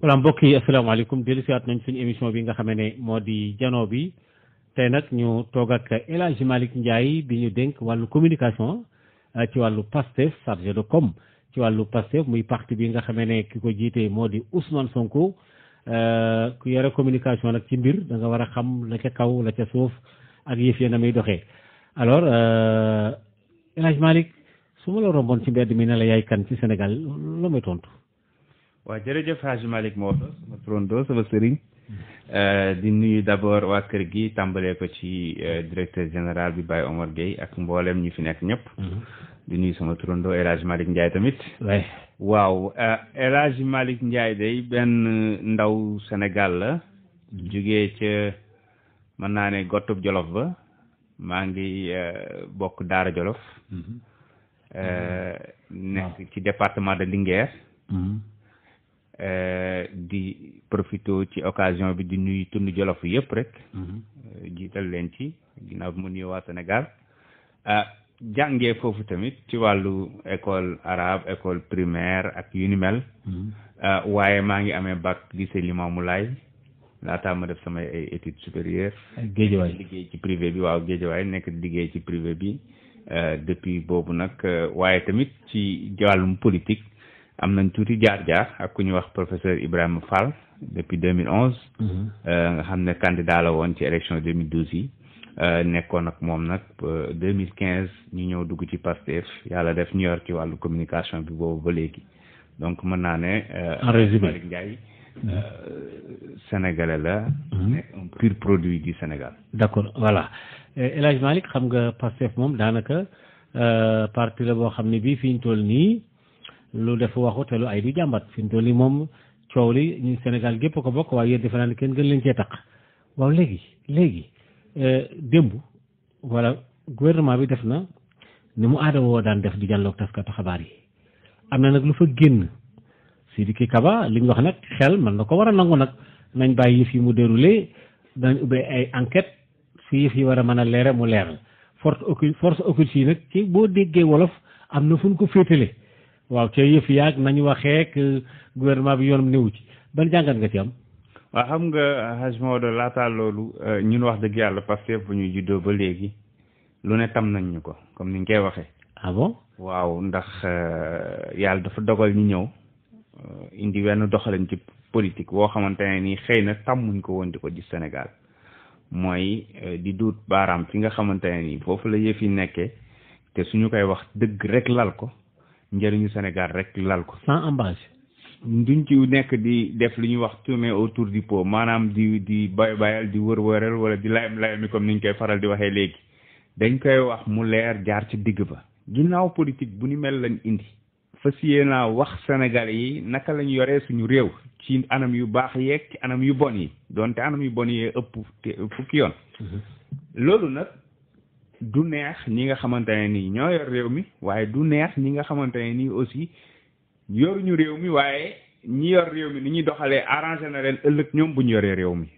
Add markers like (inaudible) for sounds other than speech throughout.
voilà mbokk yi asalaamaaleykum dellu si waat nañ suñu émission bi nga xamee ne moo di jano bi tey nag ñu toog ak El Hadj Malick bi ñu dénk wàllu communication euh, ci wàllu Pastef chargé de com ci wàllu Pastef muy parti bi nga xamee ne ki ko jiitee moo di Ousmane Sonko euh, ku yore communication nag ci mbir da nga war a xam la ca kaw la ca suuf ak yëf yéen a muy doxee alors euh, El Hadj Malick su ma la romboon ci mbedd mi ne la yaay kan ci Sénégal la may waaw jërëjëf malik Malick Maodo sama turandoo sama sëriñ euh, di nuyu d' abord waa kër gi tàmbalee ko ci euh, directeur général bi Baye Omar Gueye ak mboolem ñu fi nekk ñëpp. Mhm. di nuyu sama turandoo El Hadj Malick Ndiaye tamit. waaw euh, El Hadj Malick Ndiaye day benn ndaw Sénégal la. Mhm. jugee ca mën naa ne gottub jolof ba maa ngi bokk Daara Jolof. Mhm. nekk ci département de Linguère. Euh, di profito ci occasion bi di nuy tund jolof yëpp rek mhm. euh, jiital leen ci ginnaaw bi mu nuyu waa Sénégal ah foofu tamit ci wàllu école arabe école primaire ak yu ni mel mhm. waaye maa ngi amee mu lycée Limamoulaye laataa ma def samay ay études supérieures géejawaay liggéey ci privé bi waaw géejawaay nekk liggéey ci privé bi depuis boobu nag waaye tamit ci wàllum politique am nañ tuuti jaar-jaar ak ku ñu wax professeur Ibrahima Fall depuis 2011. Mhm. Euh, nga xam ne candidat la woon ci élection 2012 yi. Euh, nekkoon ak moom nag 2015 euh, ñu ñëw dugg ci Pastef yàlla def ñu yor ci wàllu communication bi boobu ba léegi donc mën naa ne. en résumé Malick Ndiaye la. Mhm. pur produit du Sénégal. d' accord voilà El xam nga Pastef moom daanaka parti la boo xam ne bii fi ñu toll nii. lu def waxu te lu ay du jàmbat fi mu toll nii moom coow li ñu Sénégal gépp ko bokk waaye yéen defe naa kenn gën leen cee taq waaw léegi léegi euh, démb wala gouvernement bi def na ni mu aada woo daan def di jàlloog taskatu xabaar yi am na nag lu fa génn Sidiki Kaba li ñu wax nag xel mën na ko war a nangu nag nañ bàyyi yëf yi mu déroulé danañ ubbee ay enquête fi yëf yi war a mën a leere mu leeral force occulte force occulte yi nag ci boo déggee wolof am na fu ñu ko féetale waaw ca yëf yaag nañ waxee euh, gouvernement bi yoonam néewu ci ban jàngat nga ci am waaw xam nga Hadj de laataa loolu euh, ñun wax dëgg yàlla Pastef bu ñuy juddoo ba léegi lu ne tam nañ ñu ko comme ni ñu koy waxee ah waaw ndax euh, yàlla dafa dogal ñu ñëw indi wenn doxalin ci politique woo xamante ne nii xëy na tàmmuñ ko woon di ko gis Sénégal mooy di duut baaraam fi nga xamante ne nii foofu la yëf yi nekkee te suñu koy wax dëgg rek lal ko njëriñu Sénégal rek lal ko sans embâche duñ ci nekk di def li ñuy wax mais autour du pot maanaam di di bay bayal di wër wëral wala di layam layami comme ni ñu koy faral di waxee léegi dañ koy wax mu leer jaar ci digg ba ginnaaw politique bu ni mel lañu indi fas yéene naa wax Sénégal yi naka lañ yore suñu réew ci anam yu baax yeeg ci anam yu bon yi donte anam yu bon yee ëpp fukki yoon mhm. loolu nag du neex ñi nga xamante ne nii ñoo yor réew mi waaye du neex ñi nga xamante ne nii aussi ñu réew mi waaye ñi yor réew mi ni ñuy doxalee arrangé na leen ëllëg ñoom bu ñu yoree réew mi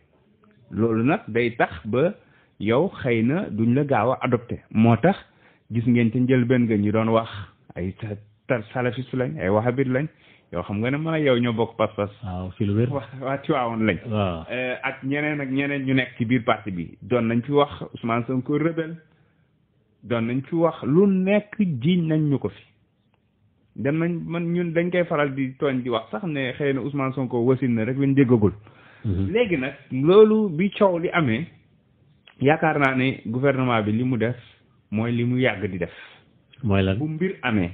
loolu nag day tax ba yow xëy na duñ la gaaw a adopté moo tax gis ngeen ca njëlbeen nga ñu doon wax ay salafiste lañ ay wahabit lañ yow xam nga ne man a yow ñoo bokk pas-pas. waaw ci lu wér waa waawoon lañ. Eh, ak ñeneen ak ñeneen ñu nekk ci biir parti bi doon nañ fi wax Ousmane doon nañ fi wax lu nekk jiiñ nañ ñu ko fi dem nañ man ñun dañ koy faral di tooñ di wax sax ne xëy na Ousmane Sonko wasin na rek lañ déggagul mhm. léegi nag loolu bi coow li amee yaakaar naa ne gouvernement bi li mu def mooy li mu yàgg di def mooy lan bu mbir amee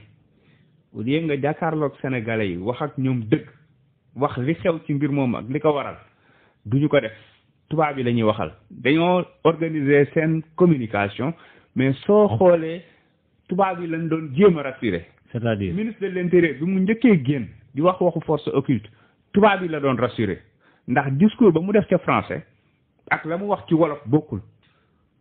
au nga jàkkaarloog sénégalais yi wax ak ñoom dëkk wax li xew ci mbir moom ak li ko waral duñu ko def tubaab yi lañuy waxal dañoo organiser seen communication mais soo xoolee tubaab yi lañ doon jéem a rassuré. c'est-à-dire ministre de l'intérieur bi mu njëkkee génn di wax waxu force occulte tubaab yi la doon rassuré ndax discours ba mu def ca français ak la mu wax ci wolof bokkul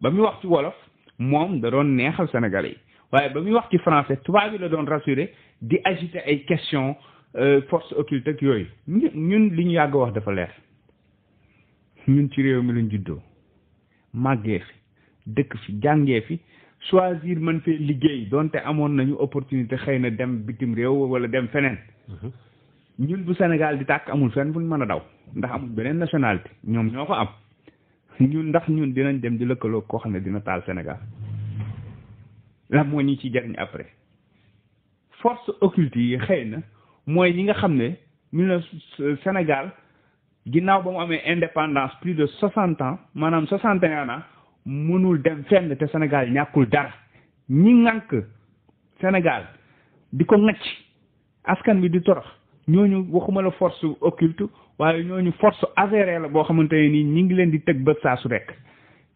ba muy wax ci wolof moom da doon neexal sénégalais yi waaye ba muy wax ci français tubaab yi la doon rassuré di agiter ay questions euh, force occulte ak yooyu ñun li ñu yàgg wax dafa leer ñun ci réew mi lañ juddoo màggee fi dëkk fi jàngee fi choisir man fee liggéey donte amoon nañu opportunité xëy na dem bitim réew wala dem feneen mhm. ñun bu Sénégal di tàkk amul fenn bu ñu mën a daw ndax amul beneen nationalité ñoom ñoo ko am ñun ndax ñun dinañ dem di lëkkaloo koo xam ne dina taal Sénégal la moo ñu ci jariñ après force occulte yi xëy na mooy ñi nga xam ne ñu ne Sénégal ginnaaw ba mu amee indépendance plus de soixante ans maanaam soixante et ans mënul dem fenn te Sénégal ñàkkul dara ñi ŋànk Sénégal di ko ŋacc askan bi di torox ñooñu waxuma la force occulte waaye ñooñu force avérée la boo xamante ne nii ñi ngi leen di tëg bët saa su rekk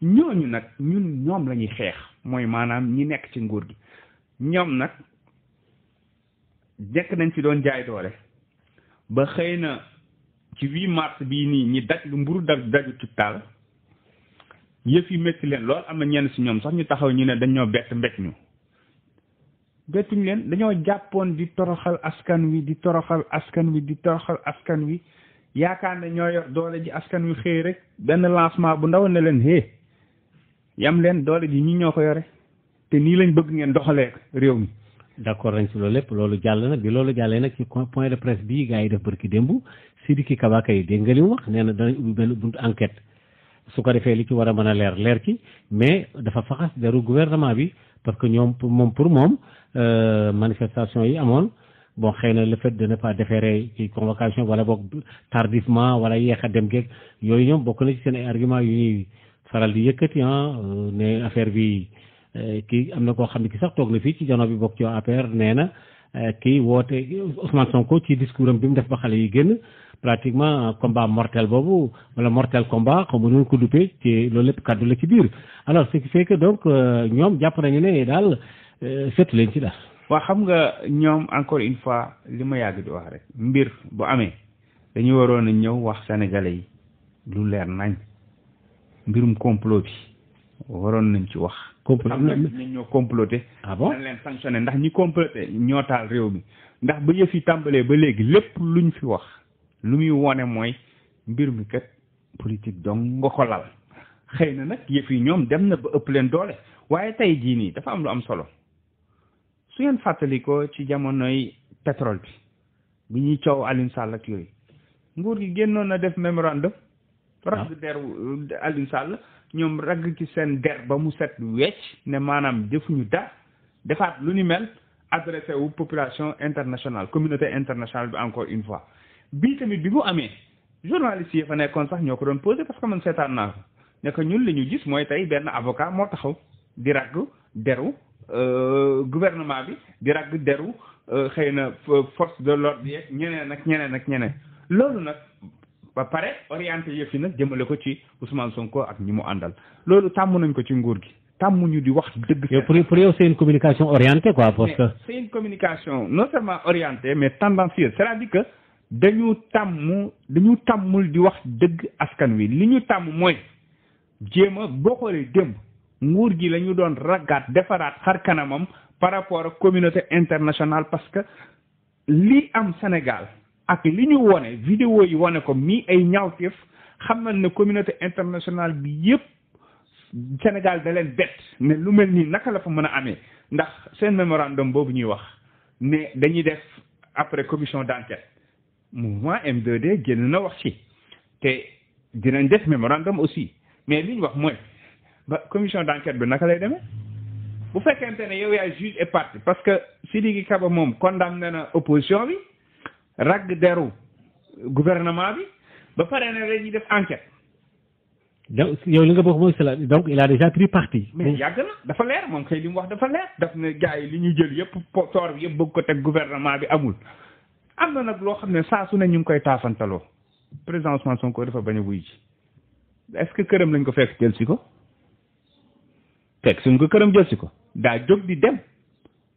ñooñu nag ñun ñoom la ñuy xeex mooy maanaam ñi nekk ci nguur gi ñoom nag nekk nañ fi doon jaay doole ba xëy na ci 8 mars bii nii ñi daj lu mburu daj daju ci yëf yi métti leen loolu am na ñenn si ñoom sax ñu taxaw ñu ne dañoo bett mbett ñu bettuñ leen dañoo jàppoon di toroxal askan wi di toroxal askan wi di toroxal askan wi yaakaar ne ñoo yor doole ji askan wi xëy rek benn lancement bu ndaw ne leen hé yam leen doole ji ñi ñoo ko yore te nii lañ bëgg ngeen doxalee réew mi d'accord nañ si loolu lépp loolu jàll na bi loolu jàllee nag ci point de presse bii gars yi def barki démb Sidiki Kaba kay dégg nga li wax nee na danañ ubbi benn buntu su ko defee li ci war a mën a leer leer ci mais dafa faxas deru gouvernement bi parce que ñoom moom pour moom euh, manifestation yi amoon bon xëy na le fait de ne pas déférer ci convocation wala boog tardivement wala yeex a dem geeg yooyu ñoom bokk na ci seen ay argument yu ñuy faral di yëkkati ah ne affaire bi euh, kii am na koo xam ne ki sax toog na fii ci jano bi bokk ci APR nee na euh, kii woote Ousmane Sonko ci discours am bi mu def ba xale yi génn pratiquement combat mortel bobu wala mortel combat comme ma noonu ko duppee ci loolu lepp cadre la ci biir alors c'est que donc euh, ñom japp nañu né dal euh, seetu leen ci daal. waa xam nga ñom encore une fois lima yag di wax rek mbir bu amé dañu waroon a ñëw wax sénégalais yi lu leer nañ mbirum complot bi waroon nañ ci wax. complot ñoo comploté. ah bon dañ leen sanctionné ndax ñi comploté ñoo taal réew mi ndax ba yëf yi tàmbalee ba léegi lépp luñ fi wax. lu muy wone mooy mbir mi kat politique dong nga ko lal xëy na nag yëf yi ñoom dem na ba ëpp leen doole waaye tey jii nii dafa am lu am solo su ngeen fàttalikoo ci jamonoy pétrole bi bi ñuy coow Alioune ak yooyu nguur gi génnoon na def mémorandum ah. ragg der Alioune ñoom ragg ci seen der ba mu set wecc ne maanaam defuñu dara defaat lu ni mel adressé wu population international communauté internationale bi encore une fois bi tamit bi bu amé journaliste yi fa nekkoon sax ñoko doon poser parce que man seetaan naa ko ne ko ñun li ñu gis moy tay ben avocat mo taxaw di ragg deru euh gouvernement bi di ragg deru euh, xëy na euh, force de l'ordre yeeg ñeneen ak ñeneen ak ñeneen loolu nag ba paré orienté yëf yi nag jëmale ko ci Ousmane Sonko ak ñimu andal lolu loolu nañ ko ci nguur gi tàmm ñu di wax dëgg. pour pour yow c'est une communication orientée quoi parce que. c'est une communication non seulement orientée mais tendancieuse c'est-à-dire que. dañu tàmm dañu tàmmul di wax dëgg askan wi li ñu tàmm mooy jéem a boo xoolee démb nguur gi la ñu doon raggaat defaraat xar kanamam par rapport ak communauté internationale parce que li am Sénégal ak li ñu wone vidéo yi wone ko mii ay ñaawteef xam nañ ne communauté internationale bi yépp Sénégal da leen bett mais lu mel nii naka la fa mën a amee ndax seen mémorandum boobu ñuy wax ne dañuy def après commission d'enquête mouvement M2D génn na wax ci te dinañ def memorandum aussi mais liñ wax moy ba commission d'enquête bi naka lay demee bu fekkente ne yow yaay juge et partie parce que Sidiki Kaba mom condamné na opposition bi rag deru gouvernement bi ba paré ne lay def enquête. donc yow li nga wax moy cela donc il a déjà pris parti. mais yag na dafa lèr mom xey lim wax dafa lèr daf na gaay yi li ñu jël yépp tor bi yëpp bëgg ko tek gouvernement bi amul. am na nag loo xam ne saa su ne ñu ngi koy taafantaloo président Ousmane Sonko dafa bañ a ji est-ce que këram lañ ko fekk jël si ko fekk suñ ko këram jël si ko daa jóg di dem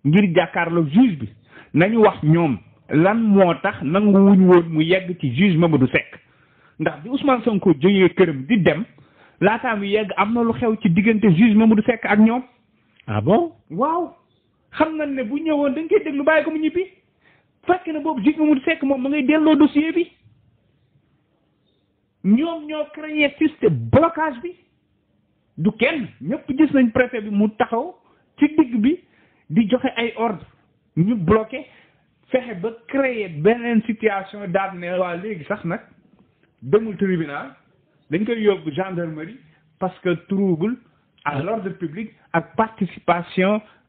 ngir jàkkaarloo juge bi nañu wax ñoom lan moo tax nangu wuñ woon mu yegg ci juge du sekk ndax bi Ousmane Sonko jógee këram di dem laataa mu yegg am na lu xew ci diggante juge du Seck ak ñoom. ah bon waaw xam nañ ne bu ñëwoon dañ koy lu bàyyi ko mu ñibbi. fekk na boobu juge mu fekk moom ma ngay delloo dossier bi ñoom ñoo créé système blocage bi du kenn ñëpp gis nañ préfet bi mu taxaw ci digg bi di joxe ay ord ñu bloqué fexe ba créer beneen situation daal ne waa léegi sax nag demul tribunal dañ koy yóbbu gendarmerie parce que trouble à l'ordre public ak participation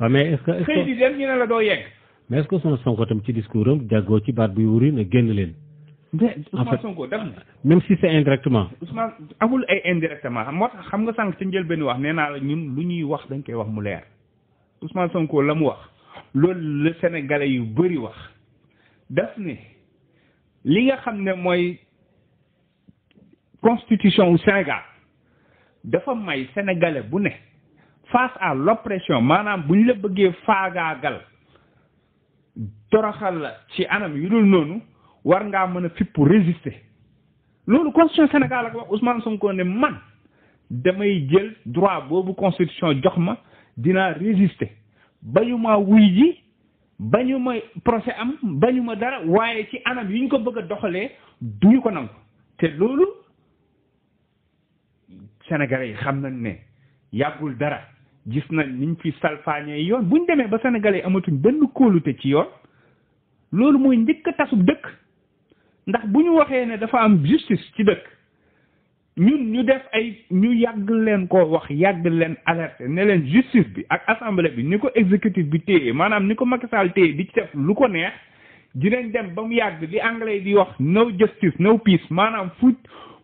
waa mais est ce que xëy di dem ñu ne la doo yegg. mais est ce que Ousmane Sonko tam ci discours am jàggoo ci baat buy wuri ne génn leen. mais Ousmane Sonko def na. même si c' est indirectement. Ousmane amul ay indirectement moo xam nga sànq ci njëlbeen wax nee naa la ñun lu ñuy wax dañ koy wax mu leer Ousmane Sonko la mu wax loolu la sénégalais yu bëri wax daf ne li nga xam ne mooy constitution wu Sénégal dafa may sénégalais bu ne. face à l'oppression maanaam bu ñu la bëggee faagaagal toroxal la ci anam yu dul noonu war ngaa mën a fippu résister loolu constitution Sénégal ak wax Ousmane Sonko ne man damay jël droit boobu constitution jox ma dinaa résister bañu ma wuy ji bañu ma procès am bañu ma dara waaye ci anam yu ñu ko bëgg a doxalee ñu ko nangu te loolu sénégalais yi xam nañ ne yàggul dara gis nañ niñ ci salfaañee yoon ñu demee ba sénégalais amatuñ benn kóolute ci yoon loolu mooy njëkk a tasub dëkk ndax bu ñu waxee ne dafa am justice ci dëkk ñun ñu def ay ñu yàgg leen ko wax yàgg leen alerter ne leen justice bi ak assemblée bi ni ko exécutif bi téye maanaam ni ko Macky Sall téye di ci def lu ko neex dinañ dem ba mu yàgg li anglais di wax no justice no peace maanaam fu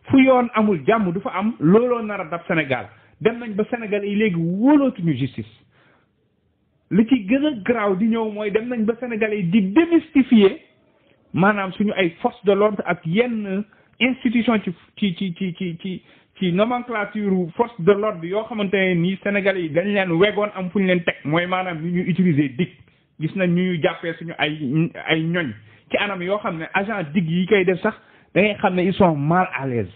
fu yoon amul jàmm du fa am looloo nara a dab Sénégal dem nañ ba Sénégal yi léegi wóolootuñu justice li ci gën a garaaw di ñëw mooy dem nañ ba Sénégal yi di démystifier maanaam suñu ay force de l'ordre ak yenn institution ci ci ci ci ci ci ci nomenclature force de l'ordre yoo xamante ne nii Sénégal yi dañ leen wegoon am fu ñu leen teg mooy maanaam ñu utiliser dig gis nañ ñu jàppee suñu ay ay ñoñ ci anam yoo xam ne agent dig yi koy def sax da ngay xam ne ils sont mal à l'aise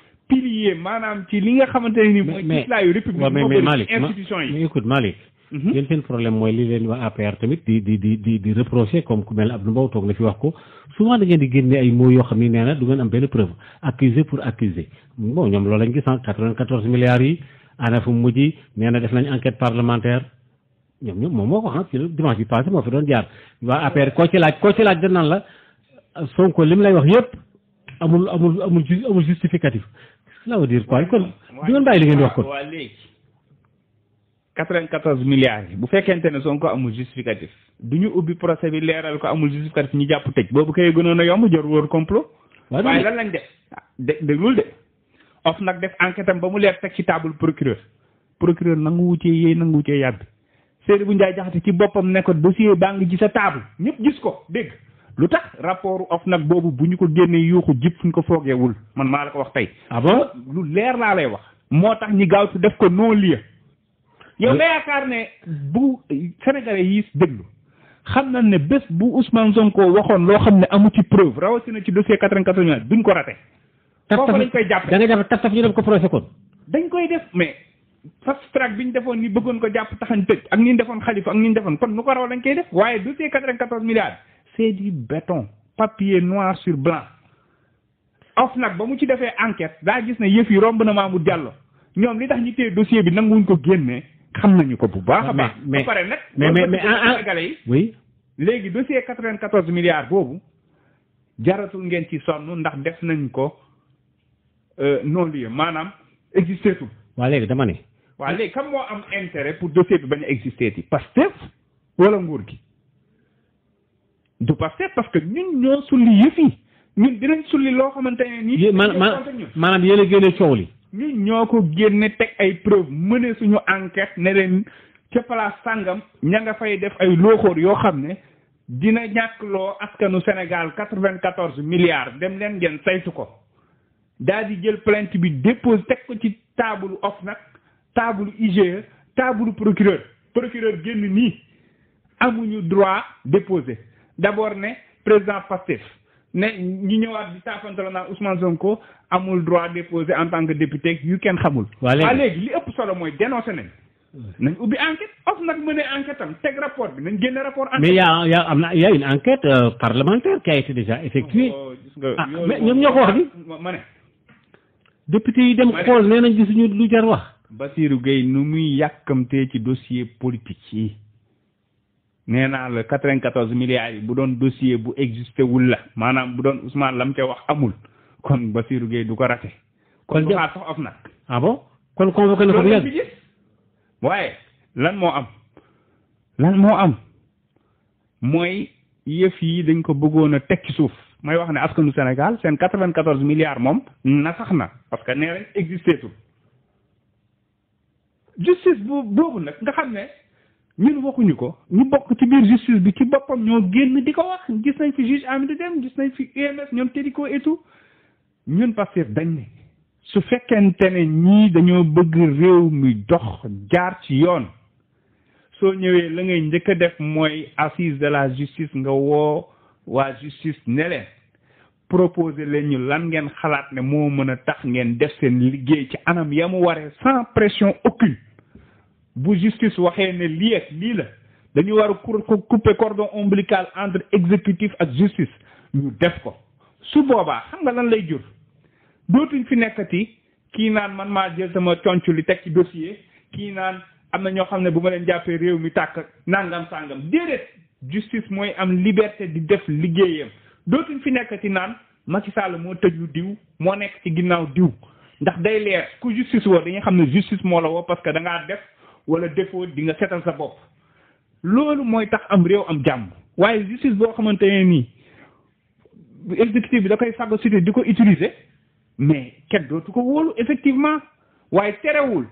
pilier maanaam ci li nga xamante ne ni mooy islaayu république mais Malick institution yi mais écoute Malick mhm. yéen seen problème mooy li leen waa APR tamit di di di di di reproché comme ku mel ne Abdou Mbow toog na fi wax ko souvent da ngeen di génne ay mots yoo xam ni nee na du ngeen am benn preuve accuser pour accuser bon ñoom loolu lañ gis ah 94 milliards yi ana fu mujj nee na def nañ enquête parlementaire ñoom ñoom moom moo ko xam ah, ci dimanche bi passé moo fi doon jaar waa APR koo ci laaj koo ci laaj da naan la Sonko li mu lay wax yëpp amul amul amul amul justificatif la veut dir quoi kon du ngeen bàyyi li ngeen wax kon 94 milliards bu fekkente ne Sonko amul justificatif duñu ñu ubbi procès bi leral ko amul justificatif ñu japp tej bobu kay gëna na yomb jor wor complot way lan lañ def de déglul de of nak def enquête am ba mu leer tek ci table procureur procureur nangu wuccee yéey nangu ci yàbbi Seydou bu Ndiaye jaxati ci bopam ne ko dossier bang ci sa table ñep gis ko deg lu tax rapport nag boobu bu ñu ko génnee yuuxu jib fu ñu ko foogeewul man maa la ko wax tey. ah bon lu leer laa lay wax. moo tax ñi gaaw si def ko non lieu. yow nga yaakaar ne bu Sénégalais yi déglu xam nañ ne bés bu Ousmane Sonko waxoon loo xam ne amu ci preuve rawatina ci dossier 94 duñ ko rate. foofu lañ koy jàppee ñu def ko procès kon. dañ koy def mais fast track bi ñu defoon ni bëggoon ko jàpp taxañ tëj ak ni ñu defoon xalifa ak ni ñu defoon kon nu koy def waaye dossier 94 milliards. du béton papier noir sur blanc ci une enquête da gis que romb na Diallo ñom li tax dossier bi ko génné xam nañu ko mais mais mais ah, ah, oui dossier 94 milliards Vous? jaratul ngeen ci sonu ndax def euh, non lieu Manam. existé tout. wa légui dama intérêt pour dossier bi bañ existé ti wala nguur du Pastef parce que ñun ñoo sulli yëf yi ñun dinañ sulli loo xamante ne nii. maanaam yéen a génne coow li. ñun ñoo ko génne teg ay preuve mëne suñu enquête ne leen ca place sàngam ña nga fay def ay looxoor yoo xam ne dina ñàkkloo askanu Sénégal quatre-vingt-quatorze milliards dem leen ngeen saytu ko daal di jël plainte bi dépose teg ko ci taabalu nag taabalu IGE taabalu procureur procureur génn nii amuñu droit déposé. d'abord ne président Pastef ne ñi ñëwaat di taafantalo na Ousmane Sonko amul droit déposer en tant que député yu kenn xamul allez léegi li ëpp solo mooy dénoncé nañ nañ ubbi enquête of nag mën enquête am teg rapport bi nañ génne rapport enquête mais yaa yaa am na y a une enquête euh, parlementaire qui a été déjà effectuée oh, oh, ah, mais ñom ñoko wax ni ma ne député yi dem xool nee nañ gisuñu lu jar wax Bassirou Gueye nu muy yàkkamtee ci dossier politique yi nee naa la quatre-vingt-quatorze milliards yi bu doon dossier bu existé wul la maanaam bu doon Ousmane lam ca wax amul kon Bassirou Gueye du ko raté. kon du xaar sax of nag. ah kon convoqué na ko léegi waaye lan moo am lan moo am mooy yëf yi dañ ko bëggoon a teg ci suuf mooy wax ne askanu Sénégal seen quatre-vingt-quatorze milliards moom na sax na parce que nee rek existé justice boobu nag nga xam ne. ñun wokkuñu ko ñu bokk ci biir justice bi ci boppam ñoo génn di ko wax gis nañ fi juge Amidou Deme gis nañ fi UMS ñoom Téliko et ñun Pastef bañ ni su fekkente ne ñii dañoo bëgg réew mi dox jaar ci yoon soo ñëwee la ngay njëkk a def mooy assise de la justice nga woo waa justice ne leen proposer leen ñu lan ngeen xalaat ne moo mën a tax ngeen def seen liggéey ci anam ya mu waree sans pression aucune bu justice waxee ne lii lii la dañu war a couper cordon ombilical entre exécutif ak justice ñu def ko su boobaa xam nga lan lay jur dootuñu fi nekkati kii naan man maa jël sama conc li teg ci dossier kii naan am na ñoo xam ne bu ma leen jàppee réew mi tàkk nangam sàngam déedéet justice mooy am liberté di def liggéeyam dootuñ fi nekkati naan Macky Sall moo tëj tëju diw moo nekk ci ginnaaw diw ndax day leer ku justice woo dañuy xam ne justice moo la woo parce que da ngaa wala défaut di nga setal sa bopp loolu mooy tax am réew am jàmm waaye justice boo xamante ne nii exécutif bi da koy phagocyté di ko utiliser mais kenn dootu ko wóolu effectivement waaye terewul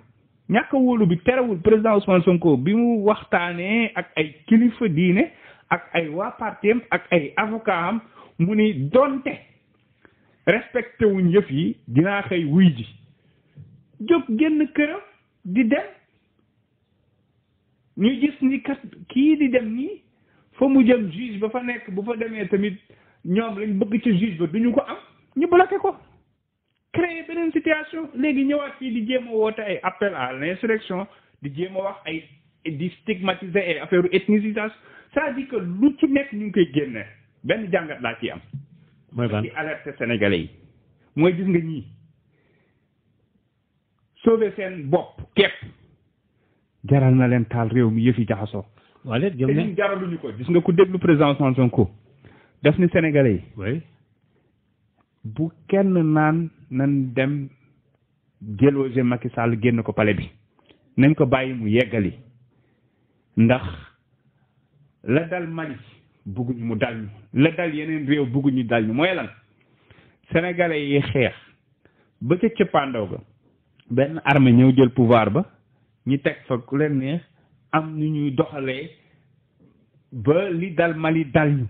ñàkk wóolu bi terewul président Ousmane Sonko bi mu waxtaanee ak ay kilifa diine ak ay waa partem ak ay avocat am mu ni donte respecté wuñ yëf yi dinaa xëy wuy ji jóg génn këram di dem Nye jist ni kast ki di dem ni, fomou jem jiz bofan ek, bofan dem ni ete mi, nyon blen bokite jiz bo, di nou kwa an, nyon blake kwa. Kreye penen sityasyon, le di nyon wak ki di jem ou wata e, apel al, nan yon seleksyon, di jem ou wak e, di stigmatize e, aferu etnisizans, sa di ke loutou mek nou ke genne, ben di jan gat lati am. Mwen ban. Mwen di alat se Senegal e, mwen di nge nyi, sove sen bop, kep, jaral na leen taal réew mi yëfi jaxasoo. waaw léegi jëm jaraluñu ko gis nga ku déglu président Ousmane Sonko def ni Sénégalais yi. bu kenn naan nan dem jëloose Macky Sall génn ko pale bi nañ ko bàyyi mu yeggali ndax la dal Mali bugguñu mu dal ñu la dal yeneen réew bugguñu dal ñu mooy lan sénégalais yi xeex ba ca cëppaandaw ga benn armée ñëw jël pouvoir ba ñi teg fa ku leen neex am nu ñuy doxalee ba li dal Mali dal ñu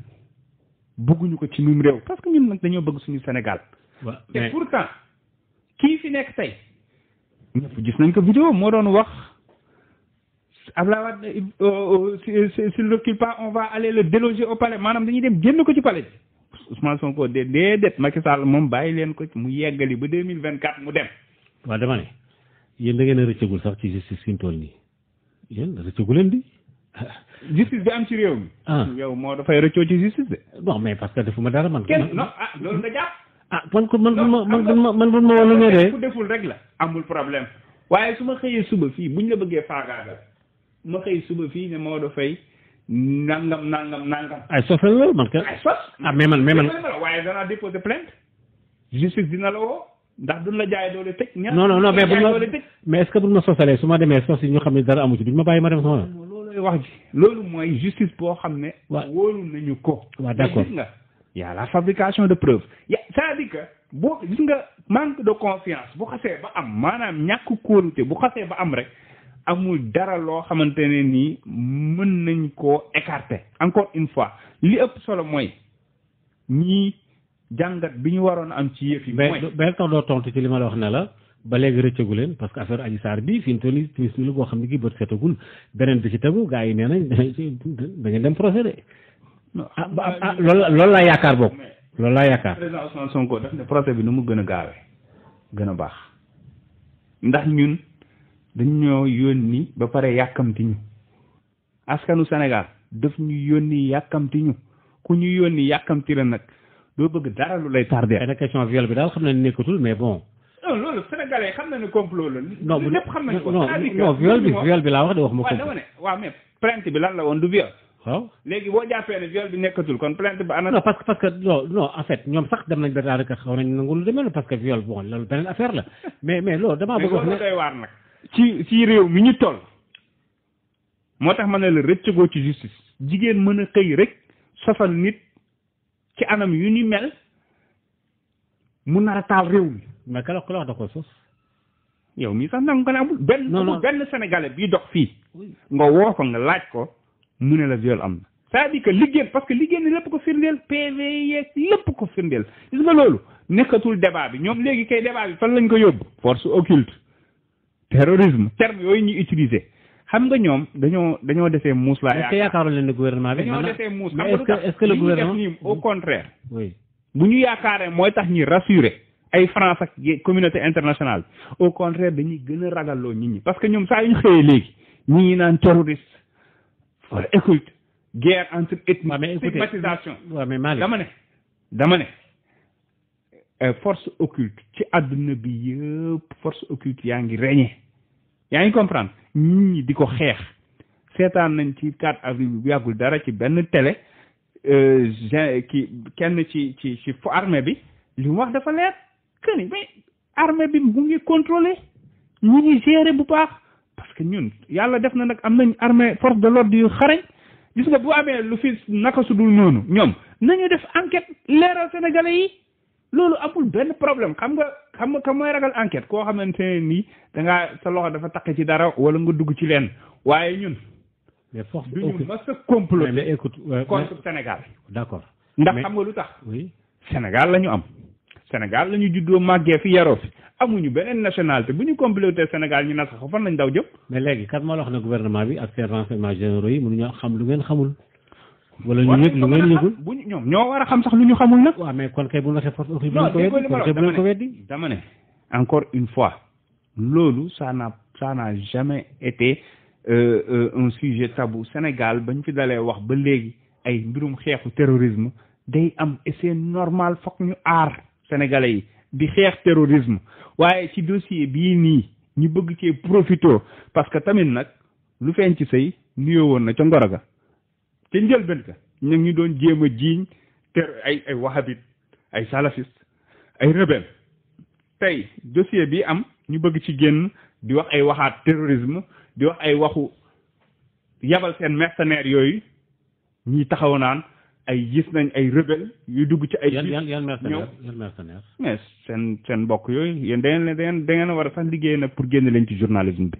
bëgguñu ko ci mim réew parce que ñun nag dañoo bëgg suñu senegal te pourtant kii fi nekk tey ñëpp gis nañ ko vidéo moo doon wax Abdoulaye Wade euh, euh, s'il recule pas on va aller le déloger au palais maanaam dañuy dem ko ci palais bi Ousmane de déedéet Macky Sall moom bàyyi leen ko mu yeggali ba deux mille vingt quatre mu dem waaw dama yéen da ngeen a sax ci justice fi tool toll nii yéen rëccagu leen di. justice bi am ci réew mi. Ah. yow moo dafay rëccoo ci justice de. non mais parce que defuma dara man. kenn non ah loolu nga ah, man ko man man man man man ma wala nga deful rek la amul problème. waaye su ma xëyee suba fii buñ la bëggee faagaagal ma suba fii ne moo dafay nangam nangam nangam. ay man. ay sos ah, man mais man. waaye danaa déposer plainte justice dina la woo. ndax du duñ la jaay doole tëj. ñaar non non non mais buñ ma mais est ce ma sosalee su ma demee soo yi ñu xam ne dara amu ci duñ ma bàyyi ma dem sama yoon. loolu wax ji loolu mooy justice boo xam ne. waaw wóolu nañu ko. waaw d' accord nga a la fabrication de preuve. ya c' est boo gis nga manque de confiance bu xasee ba am maanaam ñàkk kóolute bu xasee ba am rek amul dara loo xamante ne nii mën nañ koo écarter. encore une fois li ëpp solo mooy ñii. jangat biñu waron am ci yëf yi. mooy ba tax do tontu ci lima la wax ne la ba léegi rëccagu leen parce que affaire Adji sar bi fi mu twist lu go xamni boo xam setagul benen bi ci tegu gaay yi nee nañ da ngeen dem procéder ah, ah, ah, lool la loolu bok lool la bokk président Ousmane Sonko def ne procès bi nu mu gën a gaawee gën ndax ñun dañ ñoo yoni ba paré yakamti ñu askanu Sénégal daf ñu yoni yakamti ñu ku ñu yoni yakamti la nak doo bëgg dara lu lay tardé. xëy na bi daal xam na nekkatul mais bon. loolu sénégalais xam la. non bu xam nañu ko. non non viol bi viol bi laa wax de wax ma ko. waaw dama ne waaw mais plainte la woon du viol. waaw bi nekkatul kon plainte ba ana. non parce que parce que non non en fait ñoom sax dem nañ ba daanaka xaw nañ nangu lu demee parce que viol bon loolu beneen affaire la (laughs) mais mais loolu damaa bëgg wax ne ci ci réew mi ñu toll. moo tax ma ne la rëccagoo ci justice. jigéen mën a xëy rek sofal nit ci anam yu ni mel mun nar a taal réew mi mais kala ku da ko sos yow mii sax nangu ko ne amul benn amul bii dox fii nga woo ko nga laaj ko mu ne la viol am na c'est-à-dire liggéey parce que liggéey ni lépp ko firndeel PV lépp ko firndeel gis nga loolu nekkatul débat bi ñoom léegi kay débat bi fan lañ ko yóbbu force occulte terrorisme terme yooyu ñu utiliser xam nga ñoom dañoo dañoo defee muus laa yaakaar. est-ce que yaakaaru leen ne gouvernement bi. dañoo defee muus xam nga lu tax est-ce que le gouvernement au contraire. oui bu ñu yaakaaree mooy tax ñi rassurer ay France ak communauté internationale au contraire dañuy gën a ragalloo nit ñi parce que ñoom saa yu ñu xëyee léegi ñi ngi naan terroriste wala euh, écoute guerre entre ethnie. mais écoutez stigmatisation. waaw mais Malick dama ne dama ne. Euh, force occulte ci àdduna bi yëpp force occulte yaa ngi régné. yaa ngi comprendre ñi di ko xeex seetaan nañ ci 4 avril bu yàggul dara ci benn télé euh, ki kenn ci ci ci fu bi li mu wax dafa leer que ni mais armée bi mu ngi contrôler mu ngi gérer bu baax parce que ñun yàlla def na nag am nañ armée force de l'ordre yu xarañ gis nga bu amee lu fi naka su dul noonu ñoom nañu def enquête leeral sénégalais yi loolu amul benn problème xam nga. xam nga mooy ragal enquête koo xamante ne nii da sa loxo dafa taq ci dara wala nga dugg ci leen waaye ñun. mais force du ñu mas a complot mais écoute contre Sénégal. d'accord ndax xam nga lu tax. oui Sénégal la ñu am. Sénégal la ñu juddoo màggee fi yaroo fi amuñu beneen nationalité bu ñu complété Sénégal ñu na sax fan lañ daw jëm. mais léegi kat moo la wax ne gouvernement bi ak seen renseignements généraux yi ñoo xam lu ngeen xamul. wala ñu yëg lu ngeen yëgul buñ ñoom ñoo wara xam sax lu ñu xamul nak wa mais kon kay bu ñu waxee force occulte bu leen ko weddi dama ne encore une fois lolu ça n'a ça n'a jamais été euh, euh, un sujet tabou Sénégal bañ fi dalé wax ba légui ay mbirum xeexu terrorisme day am et c'est normal fokk ñu ar sénégalais yi di xeex terrorisme waaye ci dossier bi ni ñu bëgg ci profito parce que tamit nak lu fën ci sey nuyoo won na ci ngoraga te njëlbeen ka ñu ngi doon jéem a jiiñ te ay ay wahabit ay salafiste ay rebelle tey dossier bii am ñu bëgg ci génn di wax ay waxaat terrorisme di wax ay waxu yabal seen mercenaires yooyu ñuy taxaw naan ay gis nañ ay rebelle yu dugg ci ay. yan yan yan mercenaires yan mercenaires mais seen seen mbokk yooyu yéen da ngeen da ngeen da war a sax liggéey nag pour génn leen ci journalisme bi.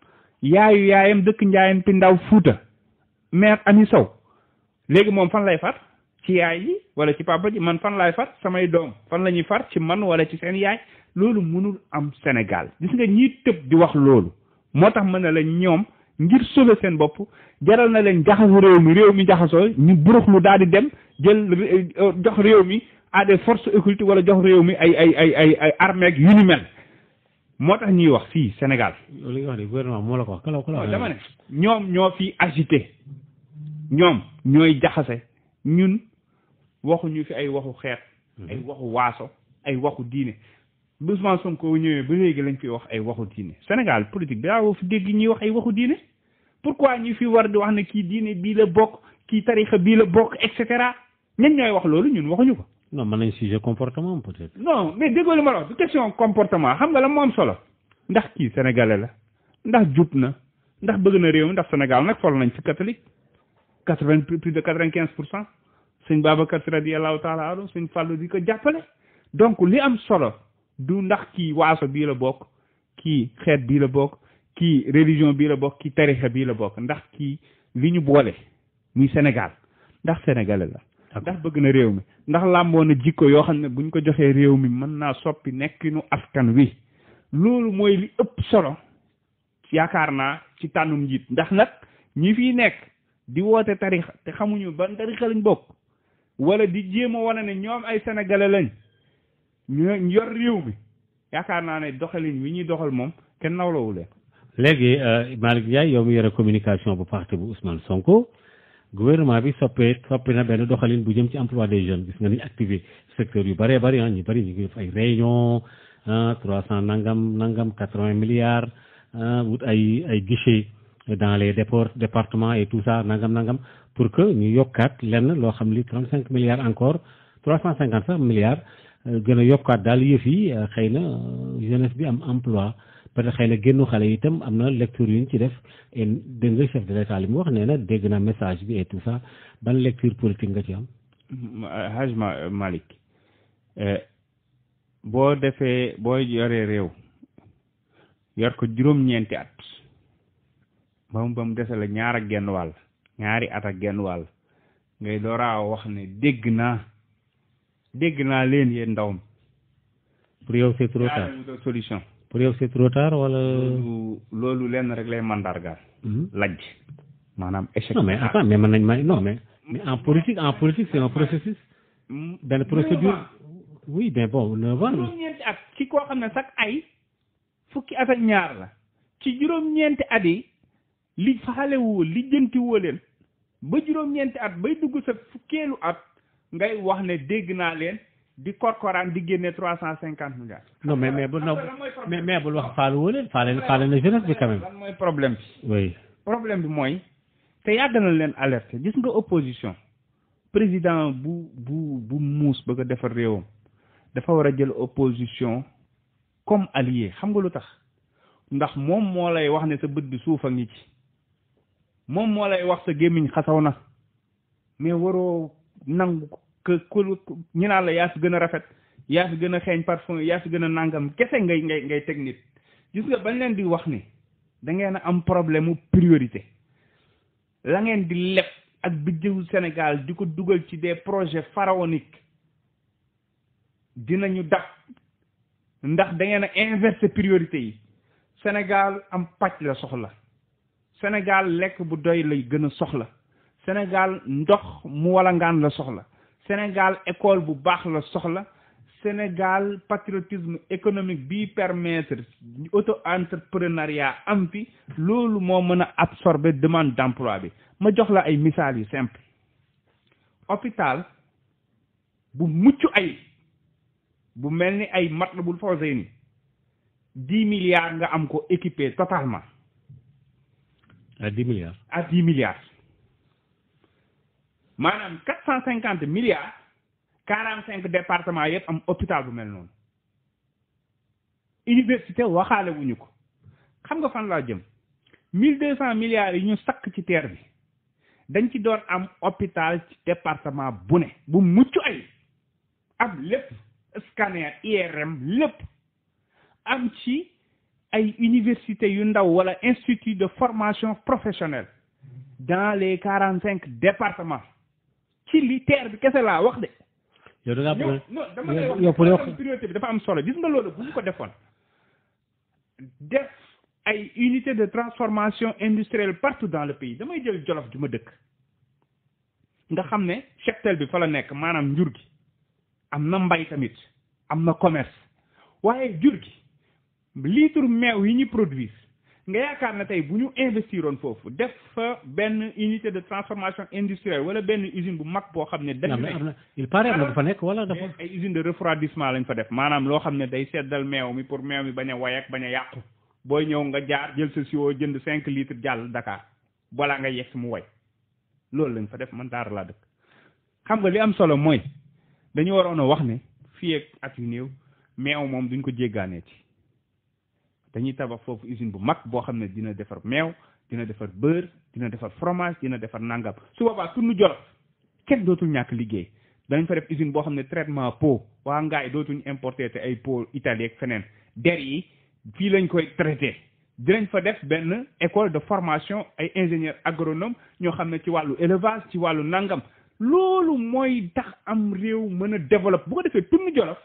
yaayu yaayam dëkk njaayam pi ndaw fuuta mère ami sow léegi moom fan lay far ci yaay ji wala ci papa ji man fan laay far samay doom fan la ñuy far ci man wala ci seen yaay loolu mënul am Sénégal gis nga ñiy tëb di wax loolu moo tax mën na la ñoom ngir sauver seen bopp jaral na leen jaxasu réew mi réew mi jaxasoo ñu buruxlu daal di dem jël euh, jox réew mi à force forces occultes wala jox réew mi ay ay ay ay ay armée yu ni mel moo tax ñuy wax fii Sénégal. li nga wax gouvernement moo la ko wax kala kala dama ne ñoom ñoo fi agité ñoom ñooy jaxase ñun waxuñu fi ay waxu xeet. Mhm. ay waxu waaso ay waxu diine. Ousmane Sonko ñëwee ba léegi lañ fi wax ay waxu diine Sénégal politique bi daa fi dégg ñuy wax ay waxu diine pourquoi ñu fi war di wax ne kii diine bii la bokk kii tarixa bii la bokk et cetera ñan ñooy wax loolu ñun waxuñu ko. non mën nañ sujet comportement peut-être. non mais déggoo li ma la wax question comportement xam nga la moo am solo ndax kii sénégalais la ndax jub na ndax bëgg na réew ndax Sénégal nak fol nañ fi catholique 80 plus de 95% Seigne Babacar Si radiyallahu taala anhu sëñ Fàllu di ko donc li am solo du ndax ki waaso bi la bok ki xeet bi la bok ki religion bi la bok ki tarixa bi la bok ndax ki liñu bolé muy Sénégal ndax sénégalais la ndax bëgg na réew mi ndax làmboo na jikko yoo xam ne buñ ko joxee réew mi mën naa soppi nekkinu askan wi loolu mooy li ëpp solo yaakaar naa ci tànnum njiit ndax nag ñi fii nekk di woote tarixa te xamuñu ban tarixa lañ bokk wala di jéem a wane ne ñoom ay sénégalais lañ ñu yor réew mi yaakaar naa ne doxalin wi ñuy doxal moom kenn nawlawu leen léegi euh, Malick Ndiaye yow mi yore communication bu parti bu Ousmane Sonko gouvernement bi soppee soppi na benn doxalin bu jëm ci emploi des jeunes gis nga ni activé secteur yu bëree bëri ah ñu bëri ñu ngi def ay réunion ah, trois cent nangam nangam quatre-vingts milliards ah, wut ay ay guichet dans les déports département et tout ça nangam nangam pour que ñu yokkaat lenn loo xam li trente cinq milliards encore trois cent cinquante sax milliards euh, gën a yokkaat daal yëf yi euh, xëy na euh, jeunesse bi am emploi peut être xëy na génnu xale yi itam am na lecture yu ñu ci def et dégg nga de l'état mu wax nee na dégg na message bi et tout ça ban lecture politique nga ci am. Haj Malick euh, boo defee booy yoree réew yor ko juróom-ñeenti at ba mu ba mu dese la ñaar ak genn wàll ñaari at ak genn wàll ngay dooraa wax ne dégg naa dégg naa leen ndaw ndawam. pour yow c'est trop tard pour yow c'est trop tard wala. loolu lenn rek lay mandargaal. Mhm. lajj maanaam échec. non mais attends mais mën nañ ma non mais. mais en politique en politique c'est un processus. Mm, benn procédure oui mais bon neuf ans. juróom-ñeenti at ci koo xam ne sax ay fukki at ak ñaar la ci juróom-ñeenti at yi li faale woo li jënti woo leen ba juróom-ñeenti at bay dugg sa fukkeelu at ngay wax ne dégg naa leen. di korkoraan di génne trois cent cinquante milliards. non mais mais bul mais mais bul wax faale woo leen faale faale na jeunesse bi quand même. lan mooy problème bi. oui problème bi mooy. te yàgg na leen alerte gis nga opposition président bu bu bu muus bëgg a defar réewam dafa war a jël opposition comme allié xam nga lu tax ndax moom moo lay wax ne sa bët bi suuf a ngi ci moom moo lay wax sa gémmiñ xasaw na mais waroo nangu ko. ke kul ñu naan la yaas gëna rafet yaas gëna xéñ parfum yaas gëna nangam kessé ngay ngay ngay tek nit gis nga bañ leen di wax ni da ngeen am problème priorité la ngeen di lepp ak biddewu sénégal di duggal dugal ci des projets pharaoniques dinañu dab ndax da ngeen inverse Senegal priorité yi sénégal am patch la soxla sénégal lek bu doy lay gëna soxla sénégal ndox mu la soxla Sénégal école bu baax la soxla Sénégal patriotisme économique bi permetre auto entrepreneuriat am fi loolu moo mën a absorber demande d'emploi bi ma jox la ay misaal yu simple hôpital bu mucc ay bu mel ni ay mat Matlabul ni dix milliards nga am ko équipé totalement à dix milliards à dix milliards maanaam quatre cent cinquante milliards quarante cinq départements yëpp am hôpital bu mel noonu université waxaale wuñu ko xam nga fan laa jëm mille deux cent milliards yi ñu sakk ci terre bi dañ ci doon am hôpital ci bu ne bu mucc ay am lépp scanner IRM lépp am ci ay université yu ndaw wala institut de formation professionnelle dans les quarante cinq départements ci li terre bi kese laa wax de. yow da ngaa non dama lay priorité bi dafa am solo gis nga loolu bu ñu ko defoon def ay unité de transformation industrielle partout dans le pays damay jël jolof ju ma dëkk nga xam ne cheptel bi fa la nekk maanaam njur gi am na mbay tamit am na commerce waaye jur gi litre meew yi ñu produire nga yaakaar ne tey bu ñu investiroon foofu def fa benn unité de transformation industrielle wala benn usine bu mag boo xam ne. dañu ne il paraît na ah. dafa nekk wala dafa. ay usine de lañ fa def maanaam loo xam ne day seddal meew mi pour meew mi bañ a wayak bañ a yàqu booy ñëw nga jaar jël sa siwo jënd cinq litres jàll Dakar balaa nga yegg mu way loolu lañ fa def man daara laa dëkk xam nga li am solo mooy dañu waroon a wax ni fii ak at yu néew meew moom duñ ko jéggaanee ci dañuy tabax foofu usine bu mag boo xam ne dina defar meew dina defar beurre dina defar fromage dina defar nangam su boobaa tund jolof kenn dootul ñàkk liggéey danañ fa def usine boo xam ne traitement peau waa ngaay dootuñ importer te ay peau Italie ak feneen der yi fii lañ koy traité dinañ fa def benn école de formation ay ingénieur agronome ñoo xam ne ci wàllu élevage ci wàllu nangam loolu mooy tax am réew mën a développe bu ko defee tund jolof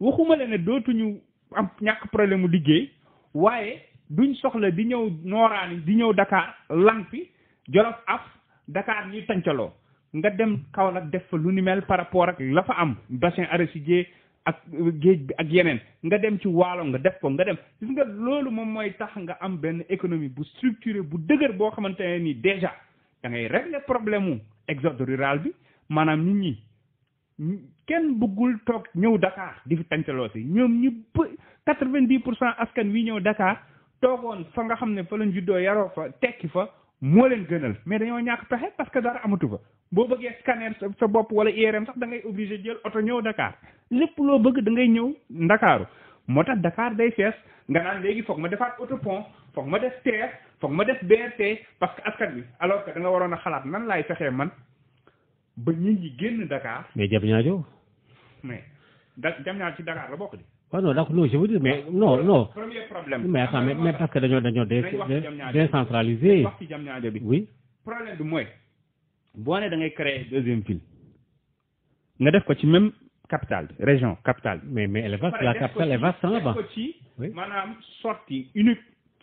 waxuma la ne dootuñu am ñàkk problème mu liggéey waaye duñ soxla di ñëw nooraani di ñëw Dakar lampi Jolof af Dakar ñuy tancaloo nga dem Kaolack def fa lu ni mel par rapport ak la fa am bassin arachidier ak géej bi ak yeneen nga dem ci waalo nga def ko nga dem gis nga loolu moom mooy tax nga am benn économie bu structurée bu dëgër boo xamante ne nii déjà da ngay régler problème mu exode rural bi maanaam nit ñi kenn bëggul toog ñëw Dakar di fi si ñoom ñu bë quatre-vingt-dix pour cent askan wi ñëw Dakar toogoon fa nga xam ne fa lañ juddoo yaroo fa tekki fa moo leen gënal mais dañoo ñàkk pexe parce que dara amatu fa boo bëggee scanner sa bopp wala IRM sax da ngay obligé jël oto ñëw Dakar lépp loo bëgg da ngay ñëw Ndakaaru moo tax Dakar day fees nga naan léegi foog ma defaat autopont foog ma def TER foog ma def BRT parce que askan alors nga waroon a xalaat nan laay fexee man ba ñi ngi génn Dakar. mais jam ñaajo. mais da jam ñaajo ci Dakar la bokk di. waaw non d'accord non mais non non. premier problème mais attends mais parce que dañoo dañoo décentralisé. wax ci bi oui. problème bi mooy. boo nee da ngay créer deuxième ville. nga def ko ci même capital région capital mais mais elle est vaste la capitale est vaste en avant. ci maanaam sortie unique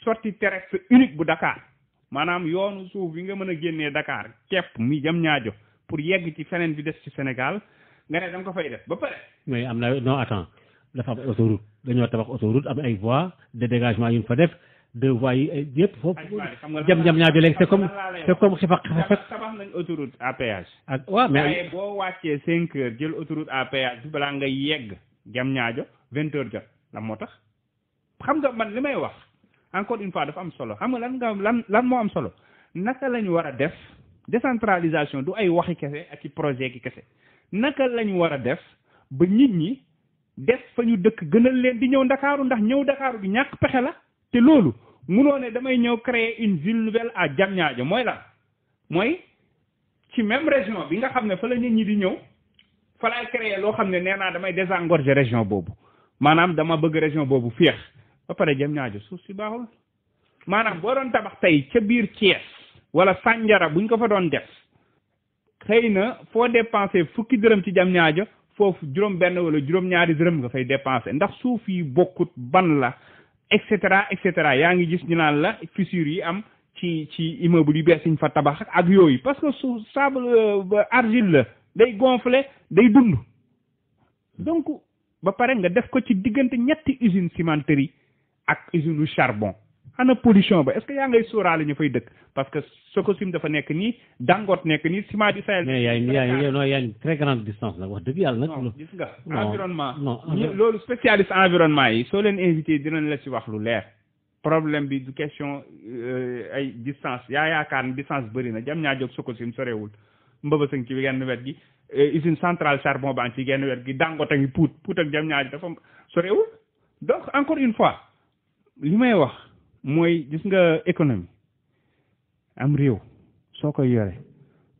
sorti terrestre unique bu Dakar. maanaam yoonu suuf bi nga mën a génnee Dakar képp muy jam ñaajo. pour yegg ci feneen bi def ci Sénégal nga ne da ko fay def ba pare. mais am na non attends dafa am autoroute dañoo tabax autoroute am ay voies de dégagement yu ñu fa def deux voies yi yëpp jam jam ñaa bi léegi c'est comme c'est comme xibaar tabax nañ ak waaw boo wàccee cinq jël autoroute balaa nga yegg jam ñaajo vingt heures jot lan moo tax xam nga man li may wax encore une fois dafa am solo xam nga lan nga lan lan moo am solo naka lañu war a def. décentralisation du ay waxi kese ak i projet ki kese naka lañ war a def ba nit ñi des fa ñu dëkk gënal leen di ñëw ndakaaru ndax ñëw ndakaaru bi ñàkk pexe la te loolu munoo ne damay ñëw créer une ville nouvelle à ñaajo mooy la mooy ci même région bi nga xam ne fa la nit ñi di ñëw fa laay créer loo xam ne nee naa damay désengorger région boobu maanaam dama bëgg région boobu féex ba pare ñaajo suuf si baaxul maanaam boo doon tabax tey ca biir Thiès wala sànjara buñ ko fa doon def xëy na foo dépensé fukki dërëm ci jam ñaajo foofu juróom benn wala juróom ñaari dërëm nga fay dépensé ndax suuf yi bokkut ban la et cetera et cetera yaa ngi gis ñu naan la fissure yi am ci ci immeuble yu bees yiñ fa tabax ak yooyu parce que suuf sable euh, argile la day gonfle day dund donc ba pare nga def ko ci diggante ñetti usine cimenterie ak usine charbon ana pollution ba est-ce que yaa ngay sóoraale ñu dëkk parce que Sococim dafa nekk nii Dangote nekk nii ciment du Sahel. mais nag wax dëgg yàlla nag. gis nga environnement. non loolu spécialiste environnement yi soo leen invité dinañ la ci wax lu leer. problème bi du question euh, ay distance yaa yaakaar ne distance bëri na jam ñaa jóg Sococim sorewul mbëba sëñ ci genn wet gi euh, usine centrale charbon ba ci genn wet gi Dangote a ngi puut puut ak jam ñaa dafa sorewul donc encore une fois li may wax. mooy gis nga économie am réew soo koy yore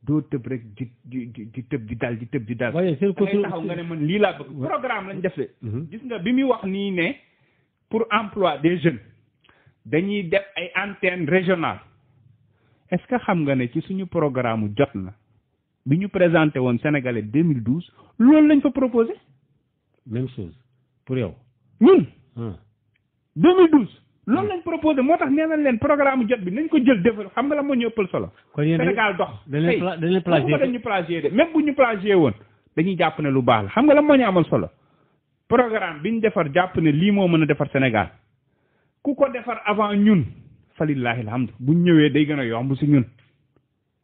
doo tëb rek di di di tëb di dal di tëb di dal. waaye taxaw nga ne man lii laa bëgg. programme lañ def de. Mm-hmm. gis nga bi muy wax nii ne pour emploi des jeunes dañuy def ay antenne régionale est-ce que xam nga ne ci suñu programme jot na bi ñu présenté woon Sénégalais 2012 loolu lañ ko proposé. même chose pour yow. ñun. loolu lañ proposé moo tax nee nañ leen programme jot bi nañ ko jël développé xam nga la moo ñu ëppal solo. Sénégal dox tey waxuma dañu plagié de même bu ñu plagié woon dañuy jàpp ne lu baax la xam nga la moo ñu amal solo programme bi ñu defar jàpp ne lii moo mën a defar Sénégal ku ko defar avant ñun falillaahi alhamdu bu ñu ñëwee day gën a yomb si ñun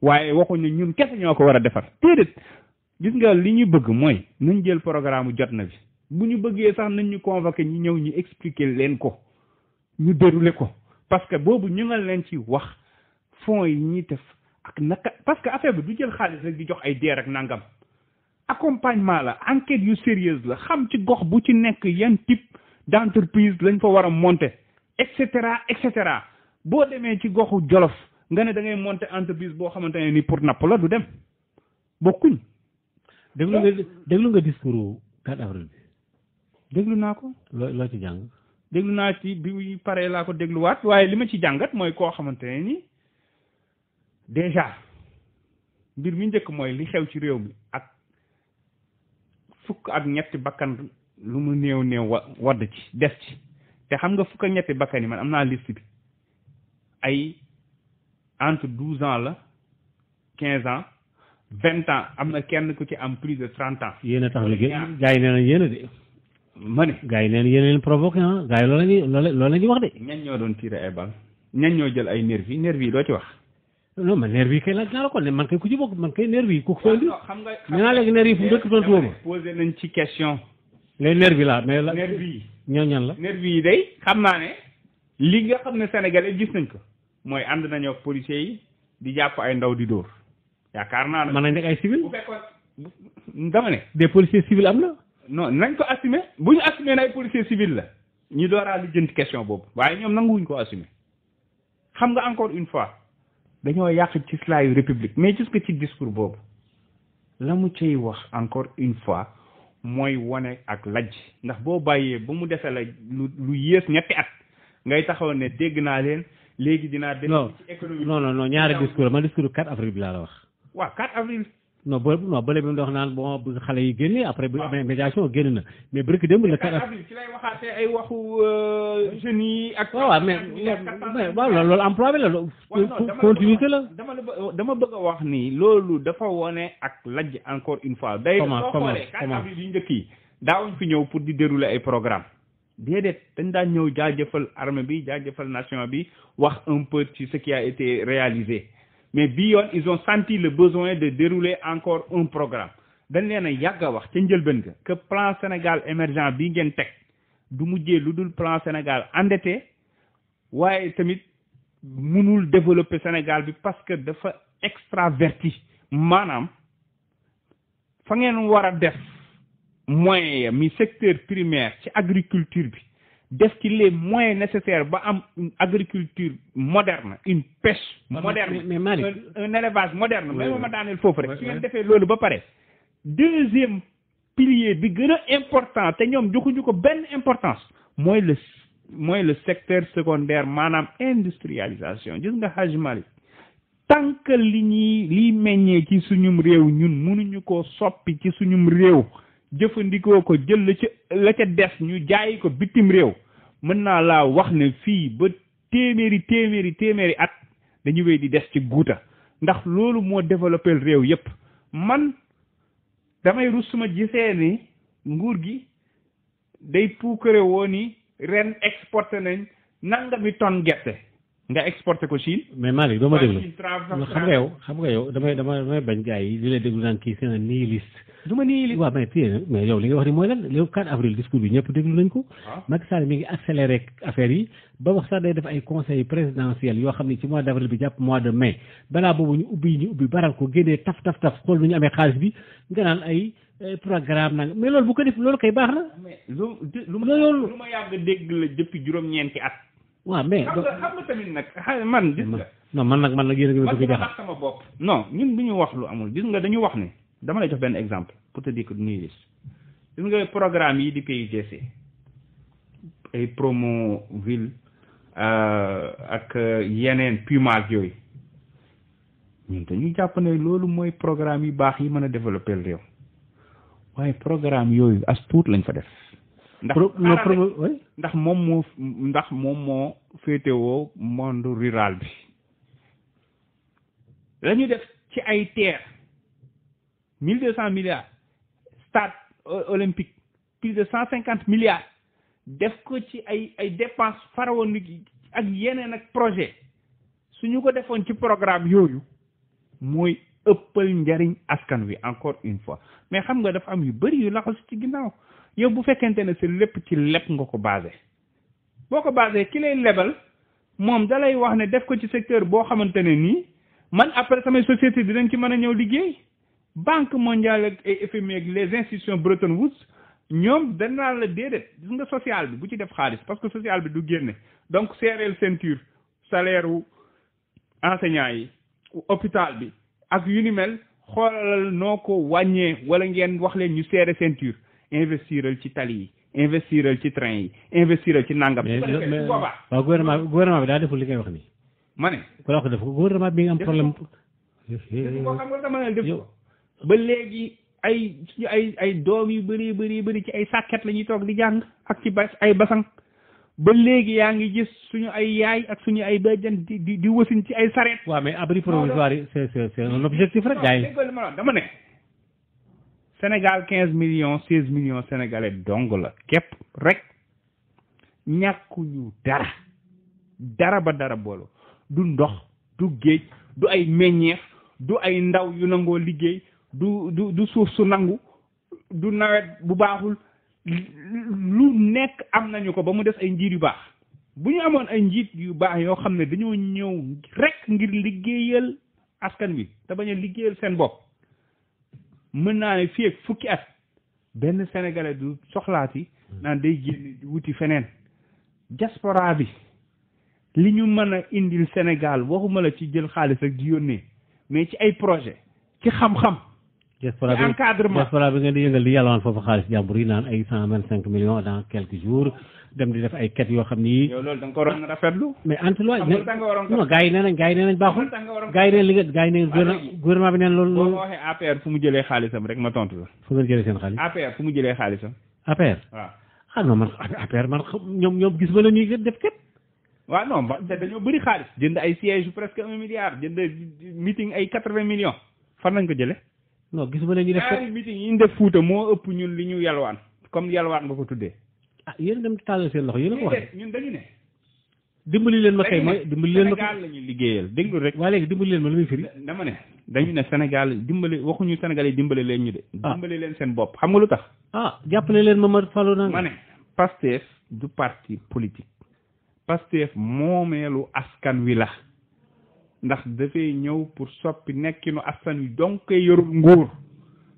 waaye waxuñu ñun kese ñoo ko war a defar déedéet gis nga li ñuy bëgg mooy nañ jël programme jot na bu ñu bëggee sax nañ ñu convoqué ñu ñëw ñu expliquer leen ko ñu déroulé ko parce que bobu ñu nga leen ci wax fonds yi ñi def ak naka parce que affaire bi du jël xaalis rek di jox ay dér ak nangam accompagnement la enquête yu sérieuse la xam ci gox bu ci nekk yan type d'entreprise lañ fa wara monter et cetera et cetera boo demee ci goxu Jolof nga né da ngay monter entreprise bo xamante ni pour nap la du dem bokkuñ. déglu nga déglu nga discours 4 avril bi. déglu naa ko. ci jang déglu naa ci bi muy paree laa ko dégluwaat waaye li ma ci jàngat mooy koo xamante ne ni déjà mbir mi njëkk mooy li xew ci réew mi ak fukk ak ñetti bakkan lu mu néew néew wa wadd ci des ci te xam nga fukk ak ñetti bakkan yi man am naa liste bi ay entre douze ans la quinze ans vingt ans am na kenn ku ci am plus de trente ans. yéen tax na gars yi nee nañ de. ma ne gars leen provoqué ah gars yi loolu lañuy wax de ñan ñoo doon tiré ay bal ñan ñoo jël ay nervi nervi yi doo ci wax non man nervi yi kay laaj naa ku ci bokk man kay nervi yi ku ko indi nee naa léegi nervi yi fu mu dëkk doon tuuma posé nañ ci question léegi nervi laa mais la nervi ñoo ñan la nervi yi day xam naa ne lii nga xam ne sénégalais gis nañ ko mooy ànd nañoo ak policiers yi di jàpp ay ndaw di dóor yaakaar naa ne mën nañ nekk ay civil dama ne des policiers am na non nañ ko assumer buñu assumer nay policier civil la ñi doora li jënt question boobu waaye ñoom nanguwuñ ko assumer xam nga encore une fois dañoo yàq ci la république mais juste un discours Bob. lamu cey wax encore une fois moy woné ak laj ndax bo bayé bu mu vous la lu yees ñetti at ngay taxaw ne dégg na légui Non, ci économie non non non ñaara discours ma discours 4 avril la wax. wa 4 avril. non bë non bële bi mu dox naan bon bu xale yi génne après bu amee médiation génn na mais bërki démb la quatre avril ci lay waxaatee ay waxu euh, jeunes yi ak waaw mais waaw loolu emploi bi la continuité la dama dama bëgg a wax ni loolu dafa wone ak lajj encore une fois day comment comment comment avril yi njëkk yi daawuñ fi ñëw pour di dérouler ay programme déedéet dañ daan ñëw jaajëfal armée bi jaajëfal nation bi wax un peu ci ce qui a été réalisé mais bii ils ont senti le besoin de dérouler encore un programme dañ leen a yàgg a wax ca njëlbeen que plan Sénégal émergent bi ngeen tek du mujjé luddul plan Sénégal endetté waaye tamit mënul développer Sénégal bi parce que dafa extraverti manam fa ngeen war def moyen mi secteur primaire ci agriculture bi Dès qu'il les moyens nécessaires ba am une agriculture moderne une pêche moderne un élevage moderne mais ma daaneel foofu rek ngeen lolu ba paré deuxième pilier bi important té ñom joxuñu ko benn importance moy le moy le secteur secondaire manam industrialisation gis nga le mali tant que li ñuy liy meññee ci suñum réew ñun mënuñu ko soppi ci suñum réew jëfandikoo ko jël la ca la ca des ñu jaay ko bitim réew mën naa laa wax ne fii ba téeméeri téeméeri téeméeri at dañu we di des ci guuta ndax loolu moo développé réew yépp man damay rus suma gisee ni nguur gi day puukare woo ni ren exporté nañ nangami tonne gerte nga exporté ko Chine. mais Malick doo ma déglu xam xam nga yow damay damay bañ gars yi di lay déglu naan kii seen nihiliste. du ma nihiliste waaw mais tey mais yow li nga wax ni mooy lan le 4 avril discours bi ñëpp déglu nañ ko. waaw ah. Macky Sall mi ngi accéléré affaire yi ba wax sax day def ay conseil présidentiel yoo xam ne ci mois d' avril bi jàpp mois de mai balaa boobu ñu ubbi ñu ubbi baral ko génnee taf taf taf xool nu ñu amee xaalis bi nga naan ay. programme waaw mais xam nga xam nga tamit nag xay man gis man nag man nag yéen a ngi bëgg a jaxal sama bopp non ñun du ñu wax lu amul gis nga dañu wax ni dama lay jox benn exemple pour te dire que duñuy gis nga programme yi di PUDC ay promo ville euh, ak yeneen Puma yooyu ñun dañuy jàpp ne loolu mooy programme yu baax yi mën a développer réew waaye programme yooyu as tuut lañ fa def ndax ndax moom moo ndax moom moo féetewoo monde rural bi la def ci ay ter mille deux cent milliards stade euh, olympique plus de cent cinquante milliards def ko ci ay ay dépenses pharaoniques ak yeneen ak projet suñu ko defoon ci programme yooyu mooy ëppal njariñ askan wi encore une fois mais xam nga dafa am yu bëri yu laxasu ci ginnaaw yow bu fekkente ne sa lépp ci leb nga ko basé boo ko basé ki lay lebal moom dalay wax ne def ko ci secteur boo xamante ne nii man après samay société dinañ ci mën a ñëw liggéey banque mondiale ak ay FMI e ak les institutions Bretton Woods ñoom danaa la déedéet gis nga social bi bu ci def xaalis parce que social bi du génne donc seereel ceinture salaire wu enseignant yi hôpital bi ak yu ni mel xoolal noo ko wàññee wala ngeen wax leen ñu seere ceinture investiral ci tali yi investiral ci train yi investiral ci nangam. mais mais waaw gouvernement gouvernement bi daa deful li ngay wax ni ma ne. ku la wax def gouvernement bi nga am problème. def ko ba léegi ay suñu ay ay doom yu bëri bëri bëri ci ay sàkket la ñuy toog di jàng ak ci bas ay basang ba léegi yaa ngi gis suñu ay yaay ak suñu ay bëjjan di di di wasin ci ay sareet. waaw mais abri provisoire yi c'est c'est rek. gars Sénégal million millions million millions sénégalais dong la képp rek ñàkkuñu dara dara ba dara boolu du ndox du géej du ay meññeef du ay ndaw yu nangoo liggéey du du suuf su nangu du nawet bu baaxul lu nekk am nañu ko ba mu des ay njiit yu baax bu ñu amoon ay njiit yu baax yoo xam ne dañoo ñëw rekk ngir liggéeyal askan wi te bañ a liggéeyal seen bopp mën naa ne fii ak fukki at benn sénégalais du soxlaati naan day génn wuti feneen diaspora bi li ñu mën a indil Sénégal waxuma la ci jël xaalis ak di yónnee mais ci ay projet ci xam-xam diaspora bi encadrement diaspora bi ngeen di yëngal foofu xaalis jàmbur yi naan ay cent vingt cinq millions dans quelques jours dem di def ay quêtes yoo xam ni. mais entre looy non gars yi nee nañ baaxul. gars yi nee li nga gars bi nee loolu. fu mu jëlee xaalisam rek ma tontu la. fu ngeen jëlee seen xaalis. APR fu mu jëlee xaalisam. APR. waaw ah man APR man ñoom ñoom gis ma la ñuy def képp. waaw non dañoo bëri ko jëlee. gis gisuma leen ñu def ñaari meeting def Fuuta moo ëpp ñun li ñu yalwaan comme yalwaan nga ko tuddee. ah yéen dem tàllal seen loxo yéen a ko wax ñun dañu ne. dimbali leen ma kay mooy dimbali la ñuy liggéeyal déglu rek. waaye léegi dimbali leen ma lu muy firi. dama ne dañu ne Sénégal dimbali waxuñu Sénégal yi dimbali leen ñu de. Ah. dimbali leen seen bopp xam nga lu tax. ah jàppale leen ma ma falu naa. ma ne Pastef du parti politique. Pastef moomeelu askan wi la. ndax dafay ñëw pour soppi nekkinu askan wi donc yor nguur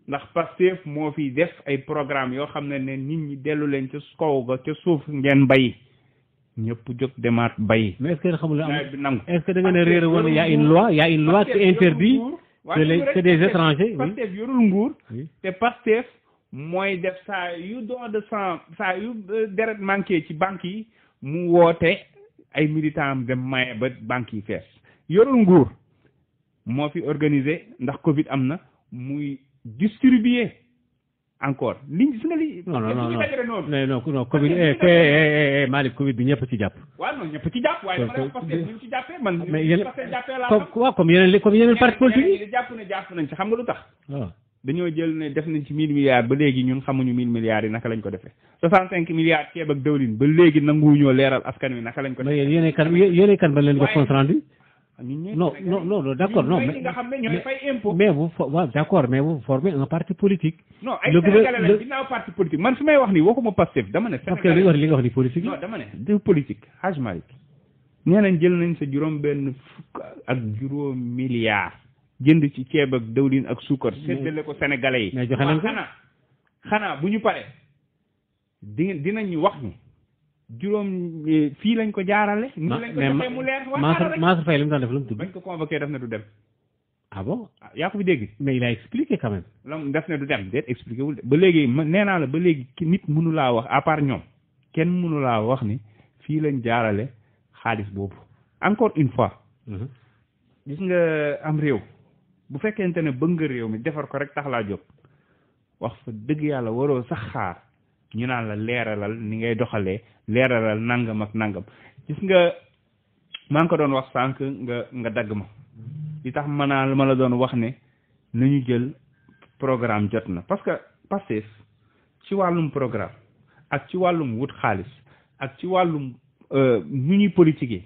ndax Pastef moo fi def ay programme yoo xam ne ne nit ñi dellu leen ca kaw ga ca suuf ngeen bayi ñëpp jóg demaat bay mais est-ce que xamul am est-ce ne réer woon y a une loi y a une loi qui interdit que des étrangers Pastef yorul nguur te Pastef mooy def saa yu don de saa yu euh, deret manqué ci banque yi mu woote ay militant am dem maye ba banque yi fees yorul nguur moo fi organisé ndax Covid am na muy distribuer encore liñ gis nga li. non non non non non non Covid eh, eh, eh, Malick Covid bi ñëpp ci jàpp. waaw ñëpp ci jàpp waaye dama ne ci jàppee man. mais yéen waaw comme yeneen comme yeneen parti politique yi jàpp jàpp nañ ci xam nga lu tax. waaw ah. dañoo jël ne def nañ ci mille milliards ba léegi ñun xamuñu mille milliards yi naka lañ ko defee. soixante cinq milliards ceeb ak dawlin ba léegi nanguwuñoo leeral askan wi naka lañ ko defee. mais yéen kan yéen kan ba leen ko compte rendu non non non d'accord non mais mais vous waaw d'accord mais vous formez un parti politique. non ay Sénégalais la ginnaaw parti politique man su may wax nii waxuma Pastef dama ne. parce que nga wax li nga wax ni politique non dama ne du Haj Malick nee jël nañ sa juróom-benn fukk ak juróom milliards jënd ci ceeb ak dawlin ak suukar. séddale ko Sénégalais yi. mais joxe nañ ko xanaa bu ñu paree di dinañ wax ni. juróom eh, fii lañ ko jaarale. nii lañ ko defee mu leer waaw Mansour Faye li mu def lu mu tudd. bañ ko convoqué def na du dem. ah bon ah, yaa ko fi dégg. mais il a expliqué quand même. lam def na du dem déet expliqué wul ba léegi nee naa la ba léegi nit mënu laa wax à ñoom kenn mënu laa wax ni fii lañ jaarale xaalis boobu. encore une fois. Mhm. gis nga am réew. bu fekkente ne bëgg nga réew mi defar ko rek tax laa jóg. wax fa dëgg yàlla waroo sax xaar. ñu naan la leeralal ni ngay doxalee leeralal nangam ak nangam gis nga maa ngi ko doon wax sànq nga nga dagg ma li tax ma naa lu ma la doon wax ne nañu jël programme jot na parce que Pastef ci wàllum programme ak ci wàllum wut xaalis ak ci wàllum mu euh, ñuy politiquer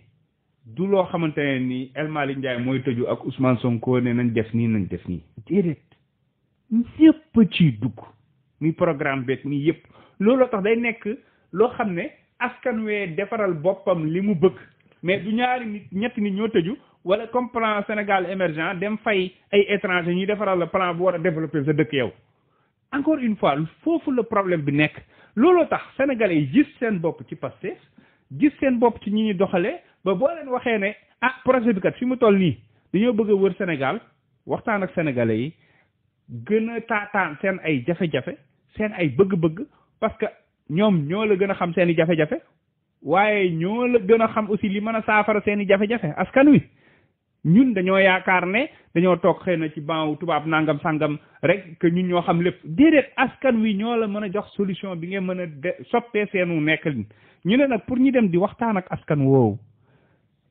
du loo xamante ne ni El Malick Ndiaye mooy tëju ak Ousmane Sonko ne nañ def nii nañ def nii déedéet ñëpp ciy dugg mi programme beeg mi yëpp lolu tax day nek lo xam askan wé défaral bopam limu bëgg mais du ñaari nit ñetti nit ñoo tëju wala comprend Sénégal émergent dem fay ay étrangers ñuy défaral le plan bu wara développer sa dëkk yow encore une fois fofu le problème bi nek lolu tax sénégalais yi gis seen bopp ci passé gis sen bop ci ñi ñi doxalé ba bo leen waxé né ah projet bi kat fi mu toll nii dañoo bëgg wër Sénégal waxtaan ak sénégalais yi gën a sen ay jafé jafé sen ay bëgg-bëgg parce que ñoom ñoo la gën a xam seen i jafe-jafe waaye ñoo la gën a xam aussi li mën a saafara seen i jafe-jafe askan wi ñun dañoo yaakaar ne dañoo toog xëy na ci banc tubaab nangam sangam rek que ñun ñoo xam lépp déedéet askan wi ñoo la mën a jox solution bi ngeen mën a seen wu seenu nekkalin ñu ne nag pour ñu dem di waxtaan ak askan woowu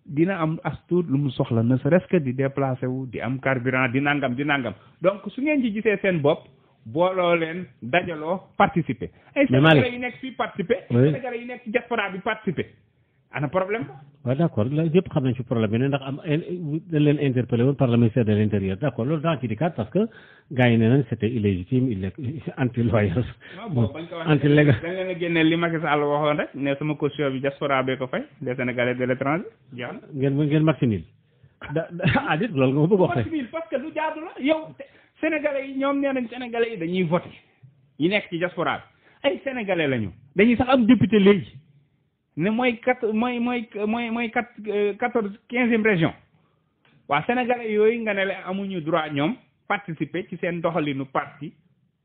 dina am as tuut lu mu soxla na serait-ce di déplacé wu di am carburant di nangam di nangam donc su ngeen ci gisee seen bopp. booloo leen dajaloo participer. ay sénégalais yi nekk fii participer. sénégalais yi nekk ci diaspora participer. ana problème ba. waaw d' accord yëpp xam nañ ci problème bi ne ndax am dañ leen interpellé woon par le ministère de l' intérieur d' accord loolu daa ci dikkaat parce que gars yi nee nañ c' anti loyal. anti légal dañ leen a génneel li Macky Sall waxoon rek ne sama caution bi diaspora bee ko fay les sénégalais de l' étranger. jeex na ngeen ngeen martinil. da (laughs) ah dit loolu nga ma bëgg a wax parce que lu jaadu la yow. sénégalais yi ñoom nee nañ sénégalais yi dañuy voté yi nekk ci diaspora bi ay sénégalais lañu dañuy sax am député léegi ne mooy quatre mooy mooy mooy mooy quatre euh, quatorze quinzième région waa sénégalais yooyu nga ne la amuñu droit ñoom participer ci seen doxalinu parti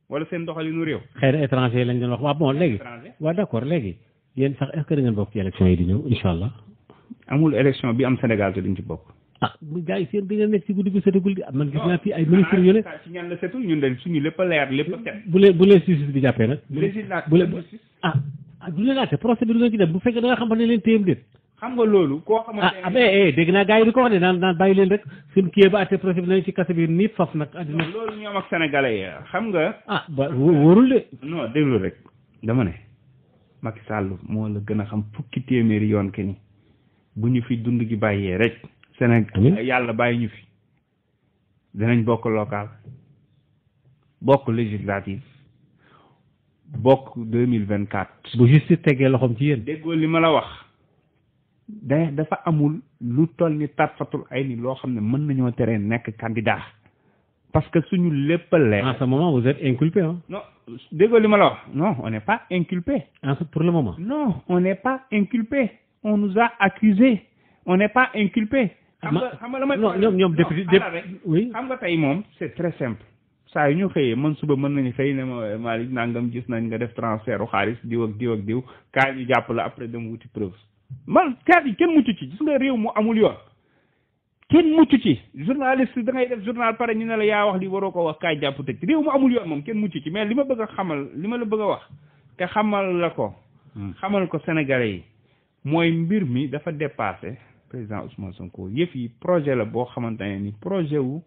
wala seen nu réew. xëy na étranger lañ doon wax waaw bon léegi. waaw d' léegi yéen sax est ce que da ngeen bokk ci élection yi di ñëw incha allah. amul élection bi am Sénégal te duñ ci bokk. ah gars yi seen dañoo nekk ci guddi gu setagul di man gis naa fii ay ministres yu ne ci ñan la setul ñun de bu leen bu leen justice bi jàppee nag bu leen ah, ah leen àtte procès bi du leen ci dem bu fekkee da xam ne leen téyam déet xam nga loolu koo ah, xamante ne ah mais eh, dégg naa gars yi di ko wax de naan naan bàyyi leen rek suñu kii ba àtte procès bi nañ ci kase bi nii faf nag àddina loolu ñoom ak sénégalais yi xam nga ah ba wóorul de noo déglu rek dama ne Macky Sall moo la gën a xam fukki téeméeri yoon ke ni bu ñu fi dund gi bàyyee rek un yalla fi dinañ local bokk législative bokk deux bu justice candidat parce que suñu lepp en ce moment vous êtes inculpé hein. non déggol li non on n'est pas inculpé en ce pour le moment non on n'est pas inculpé on nous a accusé on n'est pas inculpé xam nga xam nga la may. ñoom ñoom depuis oui xam nga tey moom c'est très simple. saa yu ñu xëyee man suba mën nañu xëy ne ma Malick nangam gis nañ nga def transfert u xaalis diw ak diw ak diw kaa ñu jàpp la après dem wuti preuve man kaas yi kenn mucc ci gis nga réew mu amul yoon kenn mucc ci journaliste da ngay def journal pare ñu ne la yaa wax li waroo ko wax kaay jàpp tëj réew mu amul yoon moom kenn mucc ci mais li ma bëgg a xamal li ma la bëgg wax te xamal la ko hmm. xamal ko sénégalais yi mooy mbir mi dafa dépassé président Ousmane Sonko yëf yi projet la boo xamante ne ni projet wu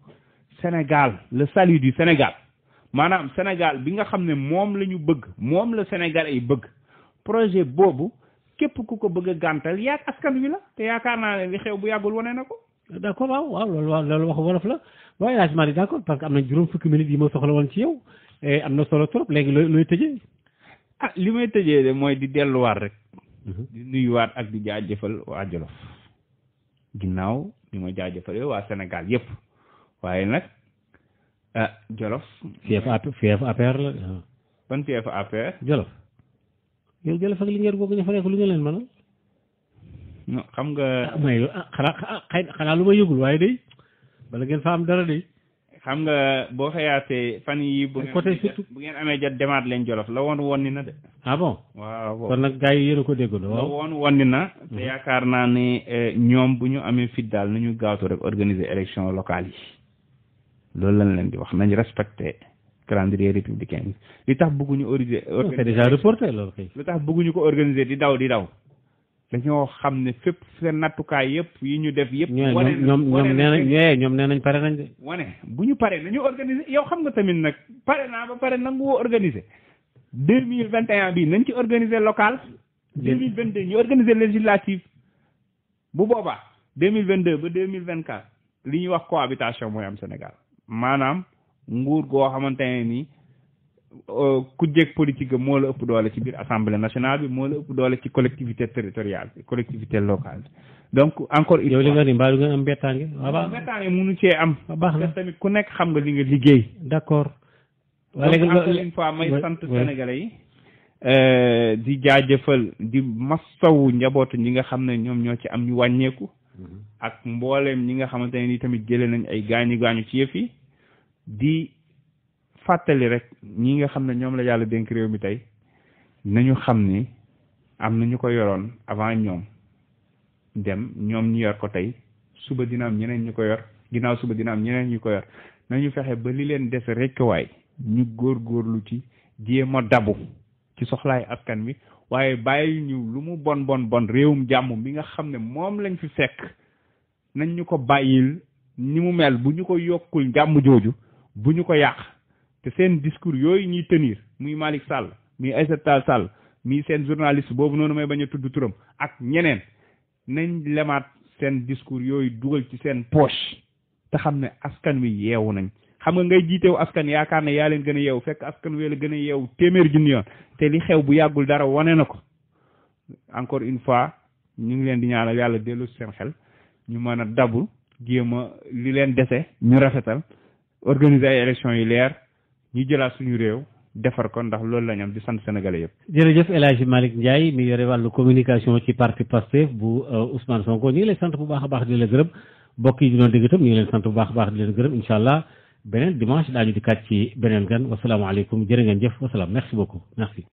Sénégal le salut du Sénégal maanaam Sénégal bi nga xam ne moom la ñu bëgg moom la Sénégal ay bëgg projet boobu képp ku ko bëgg a gàntal yaag askan wi la te yaakaar naa ne li xew bu yàggul wane na ko. d' accord waaw waaw loolu waaw loolu wax wolof la waaye laaj maa di d' accord parce que am na juróom fukki minutes yi ma soxla woon ci yow e, am na solo trop léegi looy looy tëjee. ah li may tëjee de mooy di delluwaat rek. Mhm. di nuyuwaat ak di jaajëfal waa Jolof. ginnaaw li ma jaajëfale waa Sénégal yëpp waaye nag ah Jolof. fief AP fief APR la. Ah. ban fief APR. Jolof. yow Jolof ak Linguère boobu leen mënal. xam nga. Ah, ah, xanaa lu ma yëgul waaye day bala ngeen fa am dara day xam nga boo xëyaatee fan yi bu côté bu ngeen amee jot demaat leen jolof la woon wonni na de ah bon waaw kon nag gars yi yéen a ko déggul la woon wonni na te mhm. yaakaar naa ne eh, ñoom bu ñu amee fit daal nañu gaawtu rek organiser élection locale yi loolu lañ leen di wax nañ respecté calendrier républicain li tax bëgguñu organiser c'est li tax bëgguñu ko organiser di daw di daw dañoo xam ne fépp seen nattukaay yëpp yi ñu def yëpp. wane ñoom ñoom nee nañ ñoom nee nañ pare nañ de. wane bu ñu paree nañu organiser yow xam nga tamit nag pare naa ba pare nangu woo organiser deux mille vingt et un bii nañ ci organiser local. deux mille vingt deux ñu organiser législative bu boobaa deux mille vingt deux ba deux mille vingt quatre li ñuy wax ko cohabitation mooy am Sénégal maanaam nguur goo xamante ne nii. Euh, ku jéeg politique am moo la ëpp doole ci biir assemblée nationale bi moo la ëpp doole ci collectivité territoriale bi collectivité locale donc encore une fois yow li nga ni am mbettaange waaw am ah, baax na ah, tamit ku nekk xam nga li nga liggéey d'accord donc encore une fois sant sénégalais yi euh, di jaajëfal di masawu njabootu ñi nga xam ne ñoom ñoo ci am ñu wàññeeku mhm. ak mbooleem ñi nga xamante ne ni tamit jëlee nañ ay gaañu gaañu ci yëf yi di fàttali rek ñi nga xam ne ñoom la yàlla dénk réew mi tey nañu xam ni am na ñu ko yoroon avant ñoom dem ñoom ñu yor ko tey suba dina ñeneen ñu ko yor ginnaaw suba dina ñeneen ñu ko yor nañu fexe ba li leen des rekk waay ñu góorgóorlu ci jéem a dabu ci soxlaay askan wi waaye bàyyi ñu lu mu bon bon bon réewum jàmm bi nga xam ne moom lañ fi fekk nañ ñu ko bàyyil ni mu mel bu ñu ko yokkul jàmm jooju bu ñu ko yàq te seen discours yooyu ñuy tenir muy Malick Sall muy Aïssata Tall Sall muy seen journaliste boobu noonu may bañ a tudd turam ak ñeneen nañ lemaat seen discours yooyu dugal ci seen poche te xam ne askan wi yeewu nañ xam nga ngay jiitewu askan yaakaar ne yaa leen gën a yeewu fekk askan wee la gën a yeewu téeméer junni yoon te li xew bu yàggul dara wane na ko encore une fois ñu ngi leen di ñaanal yàlla dellu seen xel ñu mën a dabu jéem a li leen dese ñu rafetal ñu jëlaat suñu réew defar ko ndax loolu la ñu am di sant sénégalais yëpp. jërëjëf El Hadj Malick Ndiaye mi yore wàllu communication ci parti Pastef bu euh, Ousmane Sonko ñu ngi sant bu baax a baax di la gërëm mbokk yi di doon ñu ngi leen sant bu baax a baax di leen gërëm incha allah beneen dimanche daañu di kat ci beneen gan wasalaamaaleykum jërë ngeen jëf wasalaam merci beaucoup merci.